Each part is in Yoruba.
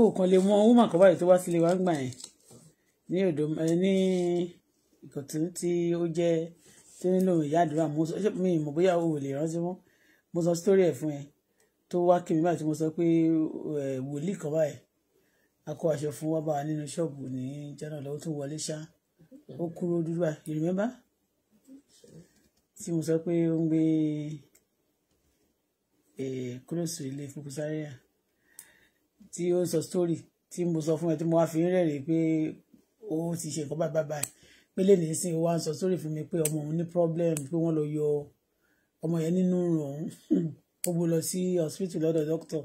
o kàn lè mọ woman kan báyìí tó wá sílé wa ń gbà yẹn ní odò ní ìkọ̀tún tí ó jẹ́ tí ó nílò ìyá àdúrà mo sọ mi mọ̀ bóyá o ò lè rántí mọ́ mo sọ sítórí ẹ̀ fún ẹ tó wá kí mi báyìí tí mo sọ pé wòlíì kan báyìí a kó aṣọ fún wa bá wa nínú ṣọ́ọ̀bù ní jẹ́nà lọ́wọ́ tó wọlé ṣá ó kúrò dúdú à you remember tí mo sọ pé ó ń gbé kúrò sí ilé kúkú sáré tí ó ń sọ story tí mo sọ fún ẹ tí mo wá fi ń rẹ́rìn pé ó ti ṣe nǹkan báyìí báyìí pé lè nísìnyí ó wá ń sọ story fún mi pé ọmọ òun ní problem pé wọ́n lọ yọ ọmọ yẹn nínú òun ó gbó lọ sí hospital lọ́dọ̀ doctor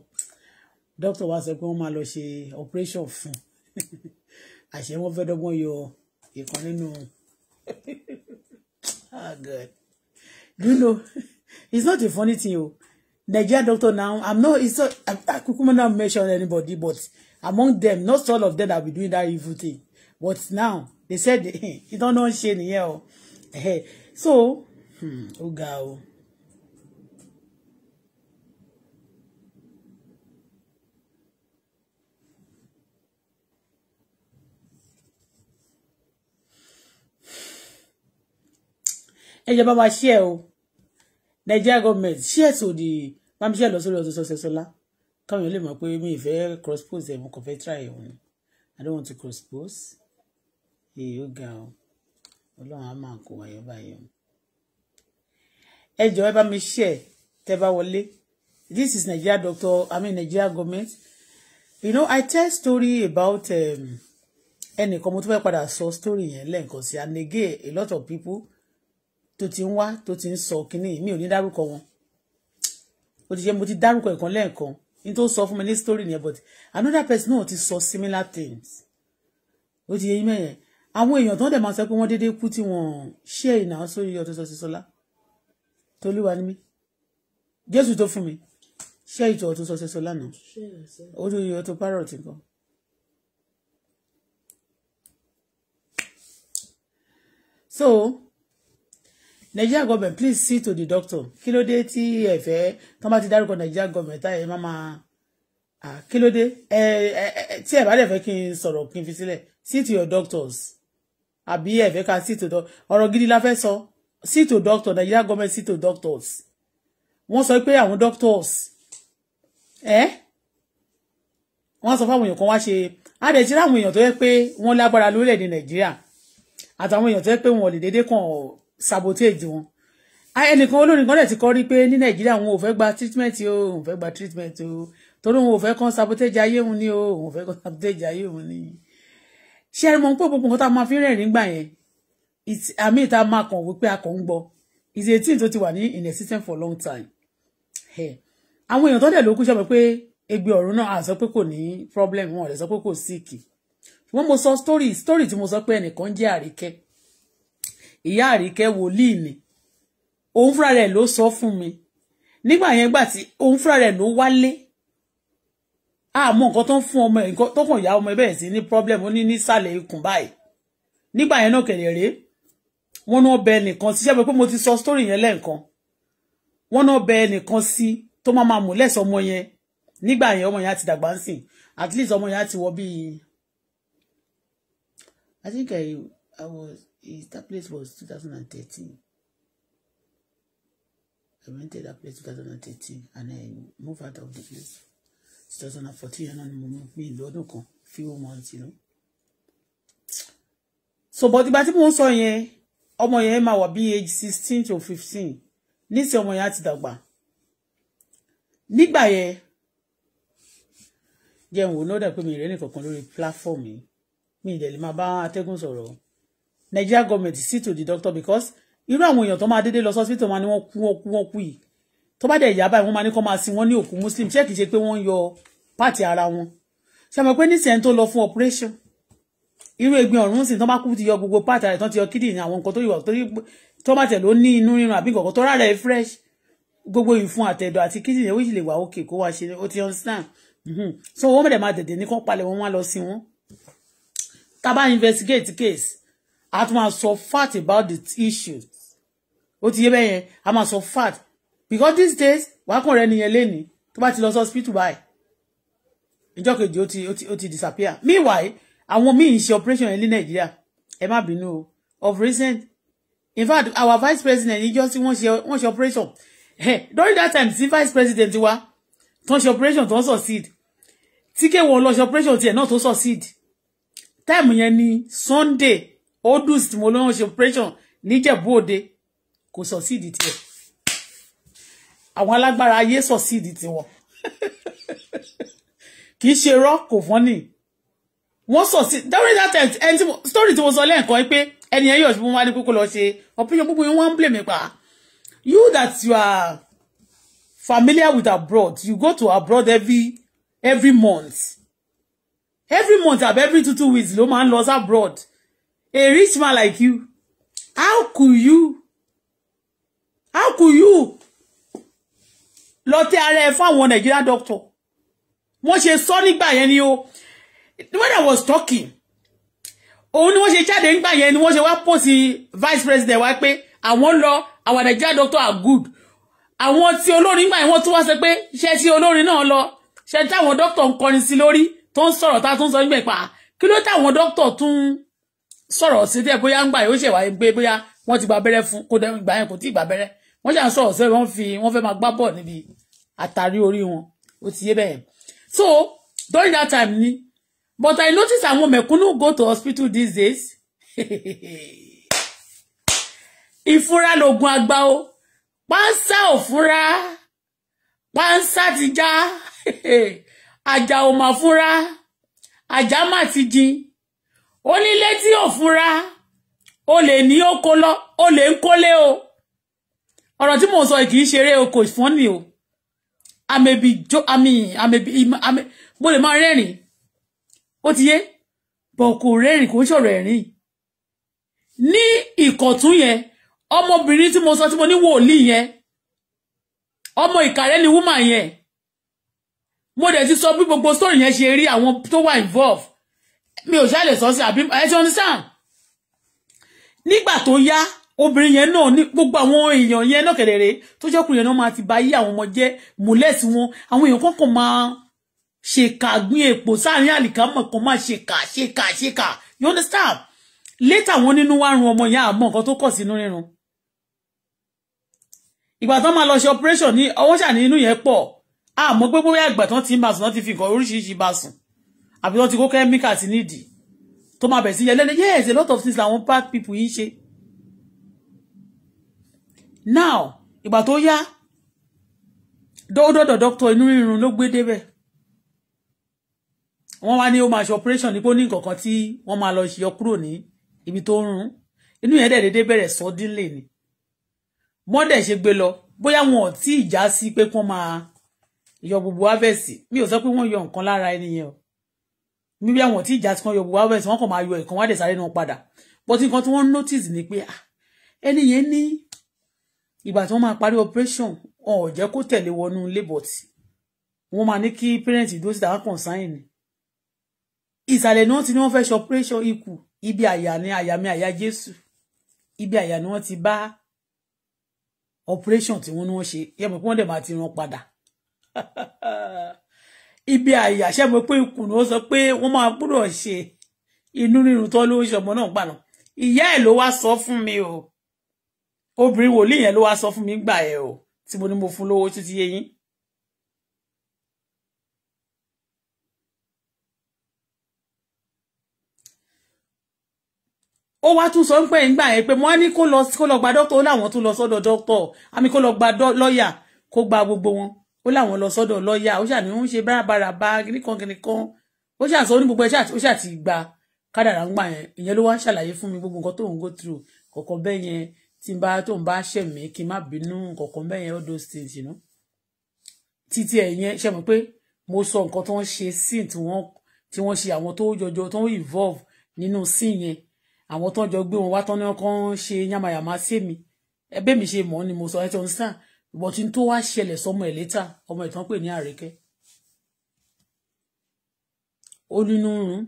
doctor wá sọ pé wọ́n máa lọ ṣe operation fún àṣẹ wọn fẹ́ dọ́gbọ́n yọ ìkan nínú ah god you know it's not a funny thing o Nigerian doctor now, I'm not, it's not, I, I could not mention anybody, but among them, not all of them that be doing that evil thing. But now, they said, hey, you don't know shame here. Oh. Hey, so, hmm, ó ga o. ẹ share Nigeria government share to the máa bí iṣẹ́ lọ sórí ọ̀sẹ̀ sọ́sẹ̀ sọ́lá káwọn èèyàn lè mọ̀ pé mi ìfẹ́ cross pose ẹ̀ mo kàn fẹ́ try ẹ̀ wọ̀nyí I don't want to cross pose èyí ó ga ọ ọlọ́run á máa kó wáyọ̀ báyọ̀ ẹ jọ ẹ bá mi ṣe tẹ bá wọlé this is Nigeria doctor I mean Nigeria government you know I tell story about um, ẹnìkan mo tún fẹ́ padà sọ story yẹn lẹ́ẹ̀kan sí i and again a lot of people tó ti ń wá tó ti ń sọ kínní mi ò ní dárúkọ wọn mo ti ṣe mo ti dárúkọ ẹ̀kan lẹ́ẹ̀kan ní tó sọ fún mi ní story yẹn but another person náà ti sọ similar things ó ti yẹ yín mẹ́yẹn àwọn èèyàn tó ń dẹ̀ máa sọ pé wọ́n déédéé kú tí wọ́n ṣe ìnáwó sórí ọdún sọ sí sọlá tolúwa ni mí jésù tó fún mi ṣé ìtò ọ̀tún sọ sí sọlá náà orí ọtún parrot nǹkan. so Nigeria government please see to the doctor kí ló dé tí ẹ tán bá ti dárúkọ Nigeria government táyẹ má máa kí ló dé ẹ ẹ tí ẹ bá dẹ̀ fẹ́ kí n sọ̀rọ̀ kí n fi sílẹ̀ see to your doctors àbí ẹ fẹ́ ká see to doctor ọ̀rọ̀ gidi la fẹ́ sọ see to doctor Nigeria government see to doctors wọ́n sọ pé àwọn doctors ẹ wọ́n sọ fáwọn èèyàn kan wá ṣe àdẹ̀tí láwọn èèyàn tó yẹ pé wọ́n lágbára lórílẹ̀‐èdè Nàìjíríà àtàwọn èèyàn tó yẹ pé wọn ò lè déédéé kàn sabotage wọn ẹnìkan olórin kan dẹ̀ ti kọ́ rí pé ní nàìjíríà wọn ò fẹ́ gba treatment o ò fẹ́ gba treatment o torí wọn ò fẹ́ kan sabotage ayé òun ni o ò fẹ́ kan sabotage ayé òun ni ṣé ẹni mọ̀ pé gbogbo nǹkan tá a máa fi rẹ́rìn-ín gbà yẹn àmì ìta máa kàn wípé a kàn ń gbọ́ is a thing tó ti wà ní in existence for long time àwọn èèyàn tó dẹ̀ ló kú sọ pé egbe ọ̀run náà à sọ pé kò ní problem wọn ò lè sọ pé kò síìkì ṣùgbọ́n mo sọ story story tí mo sọ pé ẹnìkan jẹ́ àríkẹ́ ìyá àríkẹ́ wòlíì ni òun fúnra rẹ̀ ló sọ fún mi nígbà yẹn gbà tí òun fúnra rẹ̀ ló wálé àmọ́ nǹkan tó ń fún ọmọ nǹkan tó kàn ya ọmọ ẹbẹ̀ sí ní problem ó ní nísàlẹ̀ ikùn báyìí nígbà yẹn náà kẹ̀lẹ̀ rèé wọ́n náà bẹ ẹnìkan sí sẹ́mi pé mo ti sọ story yẹn lẹ́ẹ̀kan wọ́n náà bẹ ẹnìkan sí tó máa máa mú lẹ́sọ̀ ọmọ yẹn nígbà yẹn ọmọ yẹn ti dàgbà ń sìn at least ọmọ yẹn ti wọ bíi I think I, I was that place was 2013. I rented that place 2013 and I moved out of the place. 2014 and mo move me lọ́dún kan few months you know. So but ìgbà tí mo on here, yẹn ọmọ Emma máa wà bí age sixteen to fifteen nísìnyí ọmọ yẹn á ti dàgbà. Nígbà yẹn jẹun we know that pé mi ìrẹ́nì kankan lórí platform yìí mi ìdẹ̀lẹ̀ máa bá atẹ́gùn sọ̀rọ̀. Nigeria government sit to the doctor because irú àwọn èèyàn tó máa dédé lọ hospital máa ní wọ́n kú wọ́n kú wọ́n kú yìí tó bá dẹ̀ yá báyìí wọ́n máa ní kó máa sin wọ́n ní òkú muslim ṣé kìí ṣe pé wọ́n ń yọ páàtì ara wọn ṣe mọ̀ pé nísìnyẹn tó lọ fún operation irú egbin ọ̀run sì tó bá kú ti yọ gbogbo páàtì ara ẹ̀ tán ti yọ kídìnrín àwọn nǹkan tó yọ torí tó bá tẹ̀ ló ní inú rírun àbí nǹkan tó rárá ẹ̀ fresh gbogbo ìfun àtẹ̀dọ̀ àti kídìnrín ó sì lè wà òkè kó wá ṣe ó ti understand mm-hmm. so wọ́n mọ̀dẹ̀ máa dẹ̀dẹ̀ ní kán palẹ̀ wọn wá lọ sí wọn tá bá investigate case a tún máa sọ fact about the issue ó ti yé bẹ́ẹ̀ yẹn a máa sọ fact because these days wàá kàn rẹ nìyẹn lénìí tó bá ti lọ sí hospital báyìí ìjọ kejì ó ti ó ti ó ti disappear meanwhile àwọn míì ń ṣe operation yẹn ní nàìjíríà ẹ má bínú o of recent in fact our vice president níjọ́ tí wọ́n ṣe wọ́n ṣe operation during that time tí vice president wa tó ń ṣe operation tó ń succeed tí kéwọn lọ ṣe operation tiẹ̀ náà tó succeed time yẹn ni sunday odus tí mo lóun ṣe operation níjẹ̀bú òde kò sọ sí ìdí tiẹ̀ àwọn alágbára ayé sọ sí ìdí tiwọn kì í ṣe rọ kò fọ́n nì wọ́n sọ sí dáwọn ìdá tẹ̀ ẹni tí mo story tí mo sọ lẹ́ẹ̀kan pé ẹni ẹ̀yọ̀ ṣùgbọ́n wá ní kókó lọ ṣe ọ̀pẹ́yọ gbogbo yẹn wọ́n ń blame pa you that you are familiar with abroad you go to abroad every every month every month àbí every two two weeks ló máa ń lọ sí abroad A rich man like you, how could you? How could you? Lọ tẹ ara ẹ fún àwọn Nigerian doctor. Wọ́n ṣe sọ nígbà yẹn ni o. When I was talking, òun ni wọ́n ṣe jáde nígbà yẹn ni wọ́n ṣe wá pọ̀ vice president wa pé àwọn lọ àwọn Nigerian doctor are good. Àwọn tí olórin nígbà yẹn wọ́n tún wá sọ pé ṣé tí olórin náà lọ ṣe táwọn doctor ń kọrin sí lórí tó ń sọ̀rọ̀ tá a tún sọ nígbà pa kí ló táwọn doctor tún sọ̀rọ̀ sí tẹ́ bóyá ń gbà yóò ṣèwà yín pé bóyá wọ́n ti gba abẹ́rẹ́ fún kó dẹ́rùn gbà yẹn kò tí ì gba abẹ́rẹ́ wọ́n ṣàn sọ̀rọ̀ sí wọ́n fi wọ́n fẹ́ máa gbá bọ̀ níbi àtàrí orí wọn ó ti yé bẹ́ẹ̀ so during that time ni but I notice àwọn mẹ̀kúnnù go to hospital these days ìfúra lògùn àgbà o pánsá ò fúnra pánsá ti já àjà ò mà fúnra àjà má ti jin onílé tí ò fura olè ní oko lọ olè ń kólé o ọ̀rọ̀ tí mò sọ kì í ṣeré o fún ni o àmèbí jo àmì amebi, ame. mo lè máa rẹ́rìn ó ti yé bọ̀ kò rẹ́rìn kò ń ṣọ̀rọ̀ ẹ̀rìn ní ìkọ̀tún yẹn ọmọbìnrin tí mo sọ tí mo ní wòlíì yẹn ọmọ ìkàrẹ́ ni wúmà yẹn mo dẹ̀ ti sọ bí gbogbo story yẹn ṣe rí àwọn tó wà involve mi ò ṣàlè sọ sí àbí ẹ ti understand nígbà tó yá obìnrin yẹn náà ní gbogbo àwọn èèyàn yẹn náà kẹ̀dẹ̀rẹ̀ tó jẹ́ ọkùnrin yẹn náà máa ti ba yí àwọn ọmọ jẹ́ mọ̀lẹ́sì wọn àwọn èèyàn kọ̀ọ̀kan máa ṣèkà gbin èpò sáàrin àlìkámọ̀ kan máa ṣèkà ṣèkà ṣèkà you understand later àwọn nínú wá run ọmọ yẹn àmọ́ nǹkan tó kọ̀ sínú rírun ìgbà tán máa lọ ṣe operation ní ọwọ́ ṣà ní inú yẹn pọ̀ àmọ́ pé bóyá ìgbà tán ti ń bá sùn ti fi nǹkan oríṣiríṣi bá àbí wọ́n ti kó kẹ́míkà sí nídìí tó máa bẹ̀ sí yẹlẹ́ni yes a lot of things làwọn bad people yìí ṣe now ìgbà tó yá dọ́dọ̀dọ̀ doctor, inú rírun ló gbé débẹ̀ wọ́n wá ní ó máa ṣe operation ní pé ó ní nǹkan kan tí wọ́n máa lọ yọ kúrò ní ibi tó ń rún inú yẹn dẹ̀ déédéé bẹ̀rẹ̀ suddenly ni wọ́n dẹ̀ ṣe gbé lọ bóyá wọn ò tí ì já sí pé kí wọ́n máa yọ gbogbo harvest mi ò sọ pé wọ́n yọ nǹkan lára ẹni yẹn o níbi àwọn tí ìjà ti kan yọ̀bù wá wẹ̀ tí wọ́n kàn máa yọ ẹ̀kan wá dẹ̀ sáré padà but nǹkan tí wọ́n notice ni pé ah, ẹni yẹn ní ìgbà tí wọ́n máa parí operation wọn ò jẹ́ kó tẹ̀lé wọnú labour tí wọ́n máa ní kí parent dúró síta wọ́n kàn sáyìn ni ìsàlẹ̀ ni wọ́n ti ní wọ́n fẹ́ ṣe operation ikú ibi àyà ni àyà mi àyà Jésù ibi àyà ni wọ́n ti bá operation tí wọ́n ní wọ́n ṣe yẹ́n mọ̀ pé wọ́n dẹ̀ máa ti rán padà ibi àyàṣẹ mo pé ikùn ó sọ pé wọ́n máa gbúdọ̀ ṣe inú rírun tó ló ń ṣọmọ náà gbà náà ìyá ẹ̀ ló wá sọ fún mi o obìnrin wòlíì yẹn ló wá sọ fún mi gbà ẹ o tí mo ní mo fún lówó títí eyín ó wá tún sọ ń pẹ́ ńgbà yẹn pé wọ́n á ní kó lọ gba dókítà ó láwọn tún lọ sọ́dọ̀ dókítà àmì kó lọ gba lọ́ọ̀yà kó gba gbogbo wọn ó láwọn lọ sọ́dọ̀ lọ́ọ̀yà ó ṣàní ó ń ṣe bárabàràbà kíníkan kíníkan ó ṣàṣọ ní gbogbo ẹ ó ṣàti gba kádàrá ń gbà yẹn ìyẹn ló wá ń ṣàlàyé fún mi gbogbo nǹkan tó ń go through kọ̀ọ̀kan bẹ́ẹ̀ yẹn tí n bá tó ń bá ṣẹ̀ mí kí n má bínú kọ̀ọ̀kan bẹ́ẹ̀ yẹn all those things you know títí ẹ̀ yẹn ṣe mọ̀ pé mo sọ nǹkan tó ń ṣe sin tí wọ́n tí wọ́n ṣe àwọn tó jọjọ tó ń involve nínú sin yẹn àwọn tó ń jọ gbé wọn wá tán ní wọn kàn ń ṣe yamayama sí mi ẹbẹ́ mi ṣe mọ̀ ni mo sọ ẹ tó ń sàn ìbọn tí ń tó wá ṣẹlẹ̀ sọmọ ẹ̀ létà ọmọ ẹ̀ tán pè ní àríkẹ́ ó nínú rún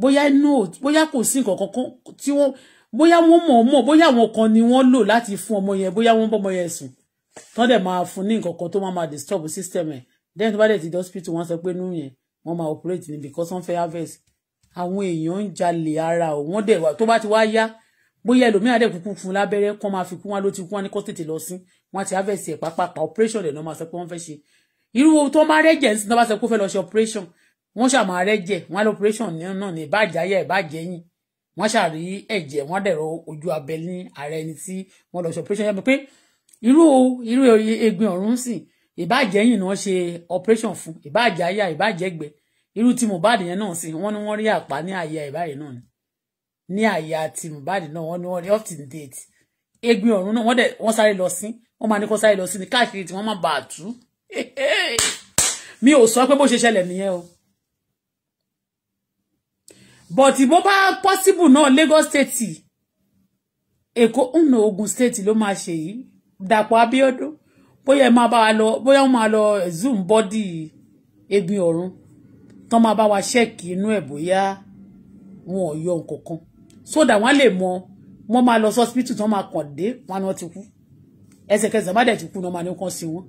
bóyá inú bóyá kò sí nǹkan kan tí wọ́n bóyá wọ́n mọ̀ mọ̀ bóyá àwọn kan ni wọ́n lò láti fún ọmọ yẹn bóyá wọ́n bọ́mọ yẹn sùn tán dẹ̀ máa fún ní nǹkan kan tó máa máa disturb system ẹ̀ then tó bá dẹ̀ ti hospital wọ́n sọ pé nú yẹn wọ́n máa operate ni because wọ́n fẹ́ harvest àwọn èèyàn ń jalè ara ò wọ́n dẹ̀ wá tó bá ti wá yá bóyá ẹlòmíà dẹ̀ kúkú fún lábẹ́rẹ́ kán máa fi kú wọn ló ti kú wọn ní kó tètè lọ sí wọn ti harvest ẹ̀ pápápá operation rẹ̀ náà máa sọ pé wọ́n fẹ́ ṣe irú tó máa rẹ́jẹ̀ ní bá sọ pé ó fẹ́ lọ ṣe operation wọ́n ṣà máa rẹ́jẹ̀ wọ́n á lọ operation náà ní ìbàjẹ́ ayé ìbàjẹ́ yín wọ́n ṣà rí ẹ̀jẹ̀ wọ́n dẹ̀rọ ojú abẹ ní ara ẹni tí wọ́n lọ ṣe operation yẹn pé irú irú egbin ọ̀run sì ìbàjẹ́ yín náà ṣe operation fún ìbàjẹ́ ayé ìbàjẹ́ gbẹ irú tí Mohbad yẹn náà sì wọ́n ní wọ́n rí àpá ní àyè ìbàjẹ́ náà ni ní àyà ti Mohbad náà wọ́n ní wọ́n ní up to date egbin ọ̀run náà wọ́n dẹ̀ wọ́n sáré lọ sí wọ́n máa ní kó sáré lọ sí ní káàkiri tí wọ́n máa bàa tú mi ò sọ pé bó ṣe ṣẹlẹ̀ nìyẹn o but bó bá possible náà Lagos State Èkó ńnà Ogun State ló máa ṣe yìí Dàpọ̀ Abíọ́dún bóyá ẹ máa bá wa lọ bóyá wọ́n máa lọ zoom body. egbin ọ̀run tán máa bá wa ṣẹ́ẹ̀kì inú ẹ̀ bóyá wọn ò yọ nǹkan kan so that wọ́n lè mọ wọ́n máa lọ sí hospital tí wọ́n máa kàn dé wọn ni wọ́n ti kú ẹsẹ̀kẹsẹ̀ má dẹ̀ ti kú ni wọ́n máa ní kàn sí wọn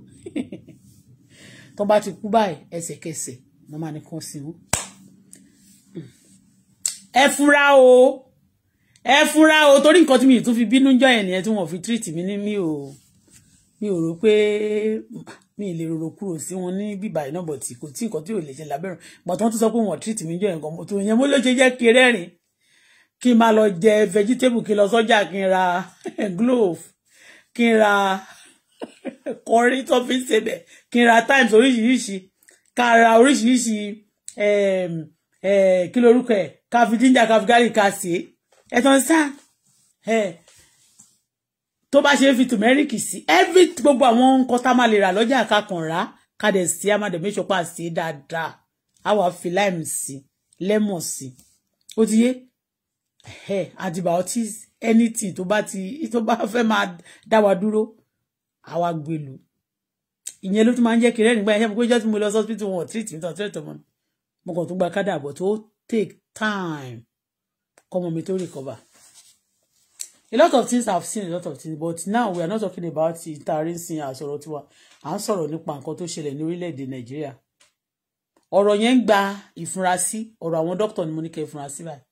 tó bá ti kú báyìí ẹsẹ̀kẹsẹ̀ wọ́n máa ní kàn sí wọn. ẹ fura o ẹ fura o torí nǹkan tí mi ì tún fi bínú jọ ẹ̀ nìyẹn tí wọ́n fi treat mi ní mi ò mi ò rò pé mi ì lè rorò kúrò sí wọn ní bíbá iná bọ̀ tí kò tí nǹkan tí ò lè ṣe lábẹ́rùn gbọ̀tàn tó sọ pé wọ́n treat mi jọ ẹ̀ gan mọ́tò yẹn mo ló ṣe jẹ́ kéré rìn ki n máa lọ vegetable kí n lọ sọ́jà ra glove kí n ra kọrí tó fi ń sebẹ̀ kí n ra times oríṣiríṣi ká ra oríṣiríṣi ehm, eh, kí lorúkọ ẹ̀ ká fi ginger ká fi garlic ká sè é ẹ̀ tán sáà eh, tó bá ṣe fi tùmẹ́ríkì sí every gbogbo àwọn nǹkan tá a máa lè rà lọ́jà àkàkànrá ká dẹ̀ sí a máa dẹ̀ méṣọ́ pa sí dáadáa a fi lime sí lemon sí ó ti yé antibiotics anything tó bá ti tó bá fẹ́ máa dá wa dúró àwa gbèlú ìyẹn ló tún máa ń jẹ́ kí rẹ́rìn gbá ẹ̀ṣẹ́ pé jọ́ tí mo lọ sọ́spítù wọn treat mi tán treat ọmọ mo kàn tún gba kádà bọ̀ tó take time kọ́mọ mi tó recover a lot of things I've seen a lot of things but now we are not talking about ìtàrínsìn àsọ̀rọ̀ tiwa à ń sọ̀rọ̀ nípa nǹkan tó ṣẹlẹ̀ ní orílẹ̀-èdè Nàìjíríà ọ̀rọ̀ yẹn ń gba ìfurasí ọ̀rọ̀ àwọn dókítà ni mo ní kẹ́ ìfurasí báyìí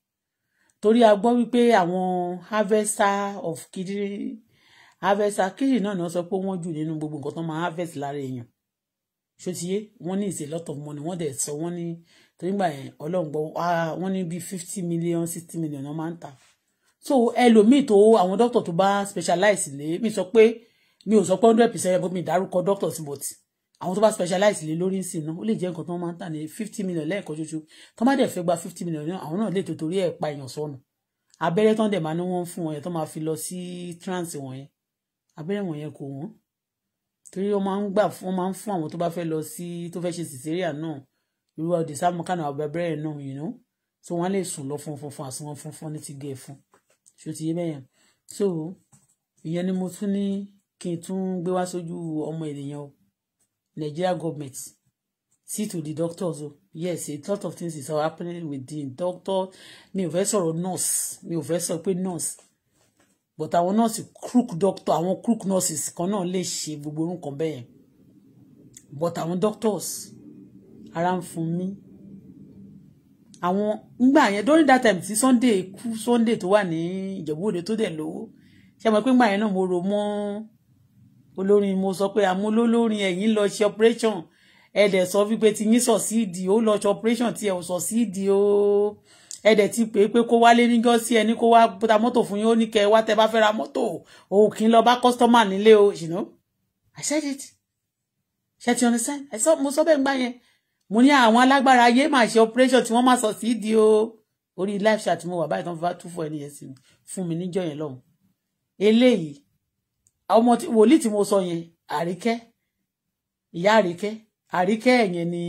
torí a gbọ́ wípé àwọn harvester of kidney harvester kidney náà ni wọ́n sọ pé wọ́n jù nínú gbogbo nǹkan tó máa harvest lára èèyàn ṣòtíyé wọ́n ní ìṣe lot of money wọ́n dẹ̀ sọ wọ́n ní torí gbà yẹn ọlọ́run gbọ́ wọ́n ní bíi fifty million sixty million wọ́n máa ń tà so ẹlòmíì tó àwọn doctor tó bá specialize lé mi sọ pé mi ò sọ pé hundred percent mi dárúkọ doctor sí bọ̀tì àwọn tó bá specialize lé lórí nsìn náà ó lè jẹ́ nǹkan tó máa ń tà ní fifty million lẹ́ẹ̀kan ṣoṣo tó má dẹ̀ fẹ́ gba fifty million náà àwọn náà lè tó torí ẹ̀ pa èèyàn sọnù abẹ́rẹ́ tán dẹ̀ máa ní wọ́n fún wọn yẹn tó máa fi lọ sí trance wọn yẹn abẹ́rẹ́ wọn yẹn kò wọ́n torí wọ́n máa ń gbà wọ́n máa ń fún àwọn tó bá fẹ́ lọ sí tó fẹ́ ṣe cesarean náà irú ọdẹ sáàmù kánà abẹ́rẹ́ náà yìí nù so wọ́n lè sùn lọ funfun fún àsùnwọ̀n funfun ní ti gẹ̀ fún ṣó so ìyẹn ni mo tún ní kí n tún gbé wá sójú ọmọ ènìyàn o Nigerian government. See to the doctors. Oh. Yes, a lot of things is happening with the doctor. Mi ò fẹ́ sọ̀rọ̀ nurse. Mi ò fẹ́ sọ pé nurse. But àwọn nurse crook doctor, I want crook nurses Cannot let she ṣe gbogbo orun kan bẹ́ẹ̀. But àwọn doctors around for me. I want. ngbà yẹn during that time tí Sunday Sunday to one ní Ìjẹ̀bú Òde tó dẹ̀ lówó. Ṣé mo pé ngbà yẹn náà mo rò olórin mo sọ pé àmúlólórin ẹ̀yin lọ ṣe operation ẹ̀dẹ̀ sọ wípé ti yín sọ sí ìdí ó lọ ṣe operation tí ẹ̀ ò sọ sí ìdí ó ẹ̀dẹ̀ ti pè é pé kó wálé níjọ́ sí ẹni kó wá ta mọ́tò fún yín ó ní kẹ́ ẹ wá tẹ́ bá fẹ́ ra mọ́tò òkì ń lọ bá customer nílé o you know I said it ṣe ti understand I saw mo sọ bẹ́ẹ̀ gbá yẹn mo ní àwọn alágbára ayé máa ṣe operation tí wọ́n máa sọ sí ìdí o orí live chat mo wà báyìí tán fi bá tú fún ẹni e yẹn sí mi fún mi níjọ́ yẹn lọ́hùn eléyìí ọmọ wòlíì tí mo sọ yẹn àríkẹ́ ìyá àríkẹ́ àríkẹ́ yẹn ni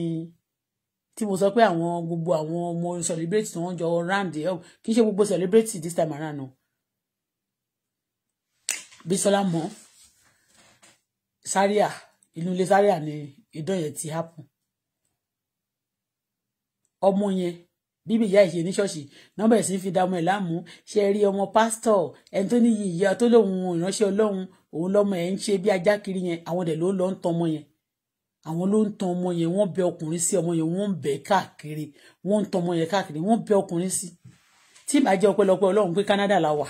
tí mo sọ pé àwọn gbogbo àwọn ọmọ celebrate tí wọ́n jọ round kì í ṣe gbogbo celebrate this time around o Bisola mọ́ sáríà inú ilé sáríà ni ìdán yẹn ti happen ọmọ yẹn bíbí ìyá ìṣe ní ṣọ́ọ̀ṣì nọ́mbà ẹ̀sìn fi dààmú ẹ̀ láàmú ṣe rí ọmọ pásítọ̀ ẹni tó ní yìí ìyá tó lóun ìránṣẹ́ ọlọ́run òun lọ́mọ ẹ̀ ń ṣe bí ajá kiri yẹn àwọn dẹ̀ ló lọ ń tan ọmọ yẹn àwọn ló ń tan ọmọ yẹn wọ́n bẹ ọkùnrin sí ọmọ yẹn wọ́n ń bẹ káàkiri wọ́n ń tan ọmọ yẹn káàkiri wọ́n bẹ ọkùnrin sí tí ìbá jẹ́ ọpẹ́lọpẹ́ ọlọ́run pé Canada la wà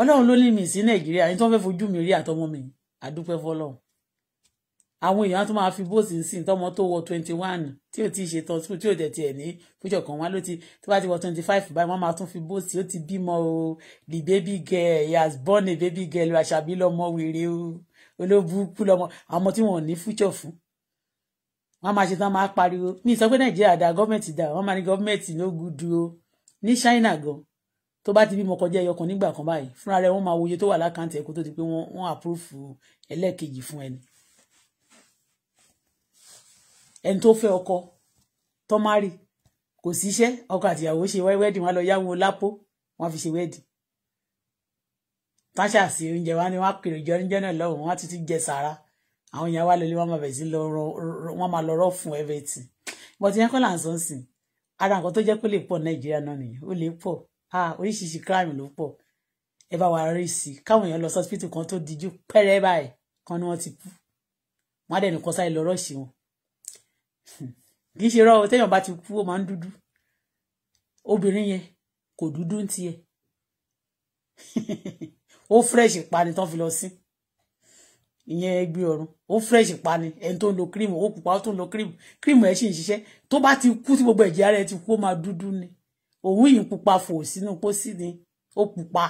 ọlọ́run ló ní mi sí Nàìjíríà ẹni tó fẹ́ fojú mi rí àtọmọ mi àdúpẹ́ fọlọ́run àwọn èèyàn tó máa fi bóòsì ń sìn tọmọ tó wọ twenty one tí ò tí ì ṣe tọ́sùn tí ò dẹ̀ tiẹ̀ ní fújọ kan wá ló ti tó bá ti wọ twenty five báyìí wọ́n máa tún fi bóòsì ó ti bímọ o the baby girl he has born a baby girl àṣàbí lọmọ wèrè o olóbùkú lọmọ àwọn tí wọn ò ní fújọ fún wọ́n máa ṣe tán máa pariwo mi sọ pé nàìjíríà dá gọ́ọ̀mẹ̀ntì dá wọ́n máa ní gọ́ọ̀mẹ̀ntì ló gudu o ní China gan tó bá ti bímọ kọjá ẹyọkan nígbà kan báyìí fúnra rẹ̀ wọ́n máa wòye tó wà lákàntì ẹkọ tó ti pé wọ́n àpúrúfù ẹlẹ́ẹ̀kejì fún ẹni ẹni tó fẹ́ ọkọ tó má rí kò síṣẹ́ ọkọ àtìyàwó ṣe wẹ́wẹ́dì wọn lọ yáwọn lápò wọn fi ṣe wẹ́dì táṣà sí oúnjẹ wa ni wọn kiri ìjọ oúnjẹ náà lọ́wọ́ wọn ti ti jẹ sàrà àwọn èèyàn wa lọlé wọn máa bẹ̀rẹ̀ sí lọ wọn máa lọ rọ fún everything but ìyẹn kọ́ là ń sọ sí ara nǹkan tó jẹ́ pé lè pọ̀ nàìjíríà náà nìyẹn ó lè pọ̀ oríṣiríṣi crime ló pọ̀ ẹ bá wa rí sí káwọn èèyàn lọ sọ́sìpìtì kan tó dijú pẹ́rẹ́ báyìí kan ni wọ́n ti kú wọ́n á dẹ̀ nìkan sáré lọ rọ́ọ̀ṣì wọn kì í ṣe rọ téèyàn bá ti kú ó máa ń dúdú obìnrin yẹn kò dúdú ń tiẹ̀ ó fresh pani tán fi lọ sí ìyẹn ẹgbẹ́ ọ̀run ó fresh pani ẹni tó ń lo cream ó pupa ó tó ń lo cream cream ẹ̀ sì ń ṣiṣẹ́ tó bá ti kú tí gbogbo ẹ̀jẹ̀ ara ẹ̀ ti kú ó máa dúdú ni òun yìí pupa fò sínú pósí ni ó pupa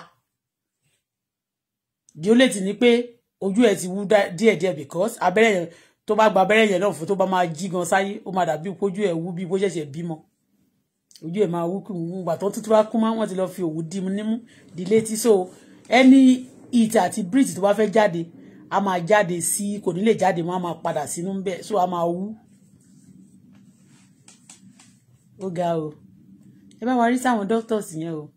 dioleti ni pé ojú ẹ̀ ti wú díẹ̀díẹ̀ because abẹ́rẹ́ tó bá gba abẹ́rẹ́ yẹn náà fún tó bá máa jí gan sáyé ó máa dàbí ojú ẹ̀ wú bí bó ṣẹ̀ṣẹ̀ bímọ ojú ẹ̀ máa wú kí wọ́n gbà tó tútù bá kú máa wọ́n ti lọ fi òwú dì nímú di létí so ẹni ìtì àti bridge tó bá fẹ́ jáde a máa jáde sí kò ní lè jáde mọ́ a máa padà sínú bẹ́ẹ̀ so a máa wú. ó ga o ẹ bá wa rí sáwọn doctors yẹn o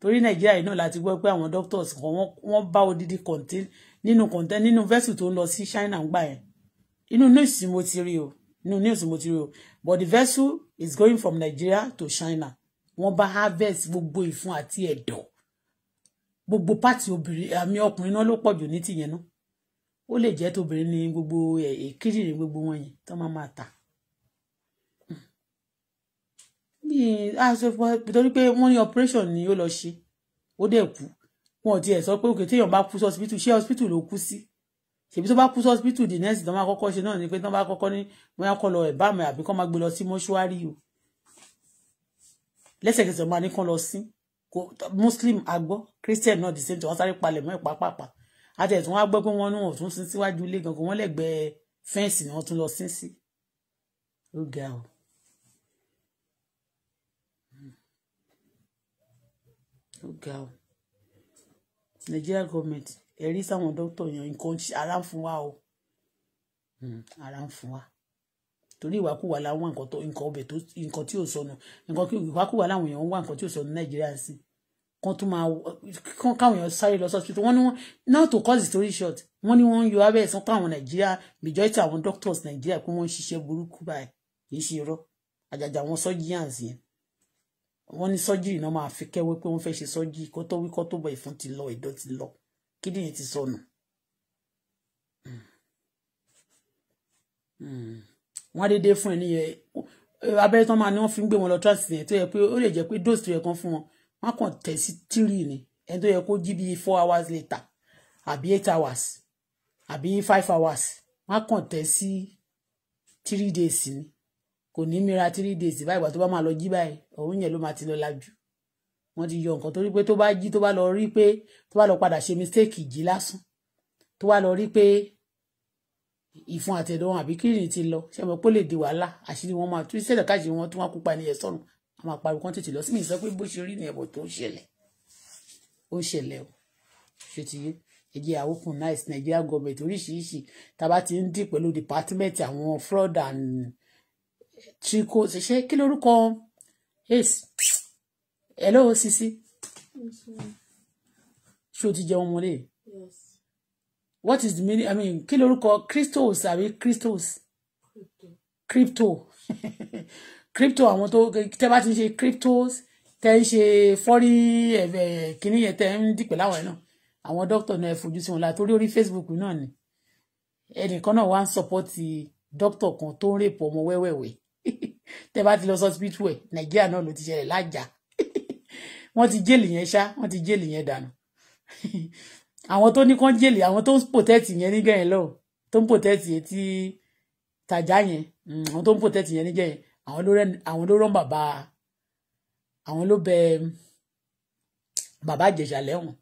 torí nàìjíríà yìí náà láti gbọ́ pé àwọn doctors kan wọ́n bá odidi contain nínú contain nínú vessel tó ń lọ sí China ń gbà yẹn inú news mo ti rí o inú news mo ti rí o but the vessel is going from Nigeria to China wọ́n bá harvest gbogbo ìfun àti ẹ̀dọ̀ gbogbo pati obìnrin àmì ọkùnrin náà ló pọ̀ jù ní tìyẹn náà ó lè jẹ́ tóbìnrin ní gbogbo èkìrìrì gbogbo wọn yẹn tó máa máa tà torí pé wọ́n ní operation ni ó lọ ṣe ó dẹ̀ kú wọn ò tiẹ̀ sọ pé òkè téèyàn bá kú sí hospital ṣé hospital ló kú sí ṣèbí tó bá kú sọ́spítù the next tó máa kọ́kọ́ ṣe náà ni pé tó bá kọ́kọ́ ní bóyá kọ́ lọ ẹ̀bá mi àbí kọ́ máa gbé lọ sí mọ́ṣúárì o lẹ́sẹ̀kẹsẹ̀ máa ní kán lọ sí muslim agbọ́ christian náà the same tí wọ́n sáré palẹ̀ mọ́ ìpápápá àti ẹ̀tún wá gbọ́ pé wọ́n ní wọ́n tún sin síwájú ilé gangan wọ́n lẹ́gbẹ̀ẹ́ fẹ́ǹsì ni wọ́n tún lọ sin sí ó ga o. ó ga government ẹ rí sáwọn dókítà yan nǹkan ara ń fún wa o hmm, ara ń fún wa torí ìwàkúwà làwọn nǹkan tó nǹkan ọbẹ̀ tó nǹkan tí ò sọnù nǹkan ìwàkúwà làwọn èèyàn ń nǹkan tí ò sọnù nàìjíríà sí kan tó máa kan káwọn èèyàn sáré lọ sọ́sìtì wọ́n ní wọ́n now to cut the story short wọ́n ní wọ́n ń yọ abẹ́ ẹ̀sán káwọn nàìjíríà majority àwọn doctors nàìjíríà pé wọ́n ń ṣiṣẹ́ burúkú báyìí kì í ṣe irọ́ àjàjà àwọn surgeons yẹn wọ́n ní surgery náà máa fi kẹ́wé pé wọ́n fẹ́ ṣe surgery kó wí kó tó ìfún ti lọ ìdọ̀ ti lọ kídìnrín ti sọnù wọ́n á déédéé fún ẹ níyẹn abẹ́rẹ́ tán máa ní wọ́n fi ń gbé wọn lọ transit yẹn tó yẹ pé ó lè jẹ́ pé dose tó yẹ kan fún wọn wọ́n kàn tẹ̀ sí tírì ni ẹni tó yẹ kó jí bíi four hours later àbí eight hours àbí five hours wọ́n kàn tẹ̀ sí three days ni kò ní mìíràn three days báyìí ìgbà tó bá máa lọ jí báyìí òun yẹn ló máa ti lọ lajú wọ́n ti yọ nǹkan torí pé tó bá jí tó bá lọ rí pé tó bá lọ padà ṣe mistake jí lásán tó wá lọ rí pé ìfun àtẹ̀dọ̀ àbí kírin ti lọ ṣe mọ̀ pé ó lè di wàhálà àṣírí wọn máa tú ìṣẹ̀lẹ̀ káàkiri wọn tó wá kópa ní ẹ̀sọ́run a máa pariwo kán tètè lọ sí mi sọ pé bó ṣe rí nìyẹn bọ̀ tó ń ṣẹlẹ̀ ó ń ṣẹlẹ̀ o ṣe ti yé ẹjẹ àwòkùn nice Nigeria government oríṣiríṣi tàbá ti ń dì pẹ̀lú department àwọn fraud and trico ṣe kí lórúkọ ace hello Sisi ṣé o ti jẹun Yes. what is the meaning i mean kí lorúkọ crystals àbí crystals crypto crypto I want to. Tell ti ń ṣe cryptos tẹ́ ń forty. Eh, kini eh, kìíní yẹn tẹ́ ń dìpẹ̀ láwọn ẹ̀ náà àwọn dókítà náà ẹ fojú sí wọn la torí orí Facebook náà ni ẹnìkan náà wá ń sọpọ́tì dókítà kan tó ń rèpọ̀ ọmọ wẹ́wẹ́wẹ́ tẹ́ bá ti lọ sọ́sibítù ẹ̀ Nàìjíríà náà ló ti ṣẹlẹ̀ lájà wọ́n ti jẹ́lì yẹn ṣá wọ́n ti jẹ́lì yẹn dànù àwọn tó ní kán jẹ́lì àwọn tó ń protect yẹn nígbà yẹn lọ́wọ́ tó ń protect yẹn ti tàjá yẹn mm, àwọn tó ń protect yẹn nígbà yẹn àwọn ló rán bàbá àwọn ló bẹ bàbá Ìjẹ̀ṣà lẹ́wọ̀n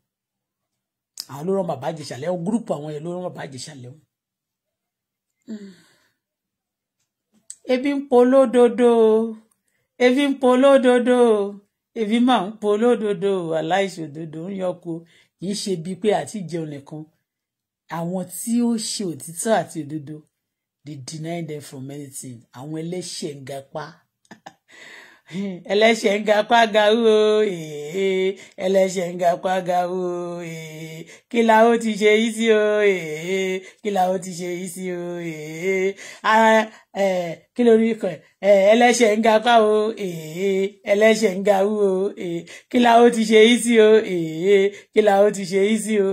àwọn ló rán bàbá Ìjẹ̀ṣà lẹ́wọ̀n gúrùpù àwọn yẹn ló rán bàbá Ìjẹ̀ṣà lẹ́wọ̀n. ebi ń polódodo ebi ń polódodo èmi máa ń polódodo aláìṣòdodo ń yọko kì í ṣe bíi pé àti jẹun nìkan àwọn tí ó ṣe òtítọ́ àti òdodo they deny them from anything àwọn ẹlẹ́ṣẹ̀ ń gapá ẹlẹ́ṣẹ̀ ń ga pága o ẹlẹ́ṣẹ̀ ń ga pága o kí la ó ti ṣe yìí sí o kí la ó ti ṣe yìí sí o kí lórí kan ẹlẹ́ṣẹ̀ ń ga pa o ẹlẹ́ṣẹ̀ ń ga wú o kí la ó ti ṣe yìí sí o kí la ti ṣe yìí sí o.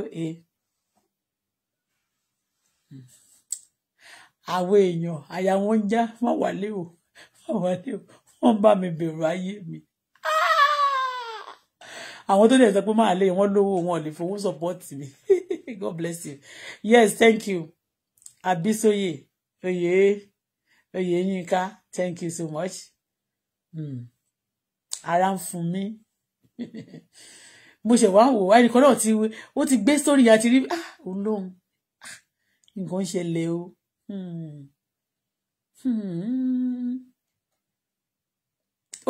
àwọn èèyàn àyà wọn ń já má wà lé má wà lé wọ́n bá mi bẹ̀rù ayé mi ah! àwọn tó dẹ̀ sọ pé máa lé wọn lówó wọn ò lè fowó support mi God bless you yes thank you Abisoye oye oye Yinka thank you so much Hmm. ara ń fún mi mo ṣe wá wò ẹnìkan náà ti ó ti gbé sórí ya ti rí ah olóhùn ah, nǹkan ń ṣẹlẹ̀ o. Hmm. Hmm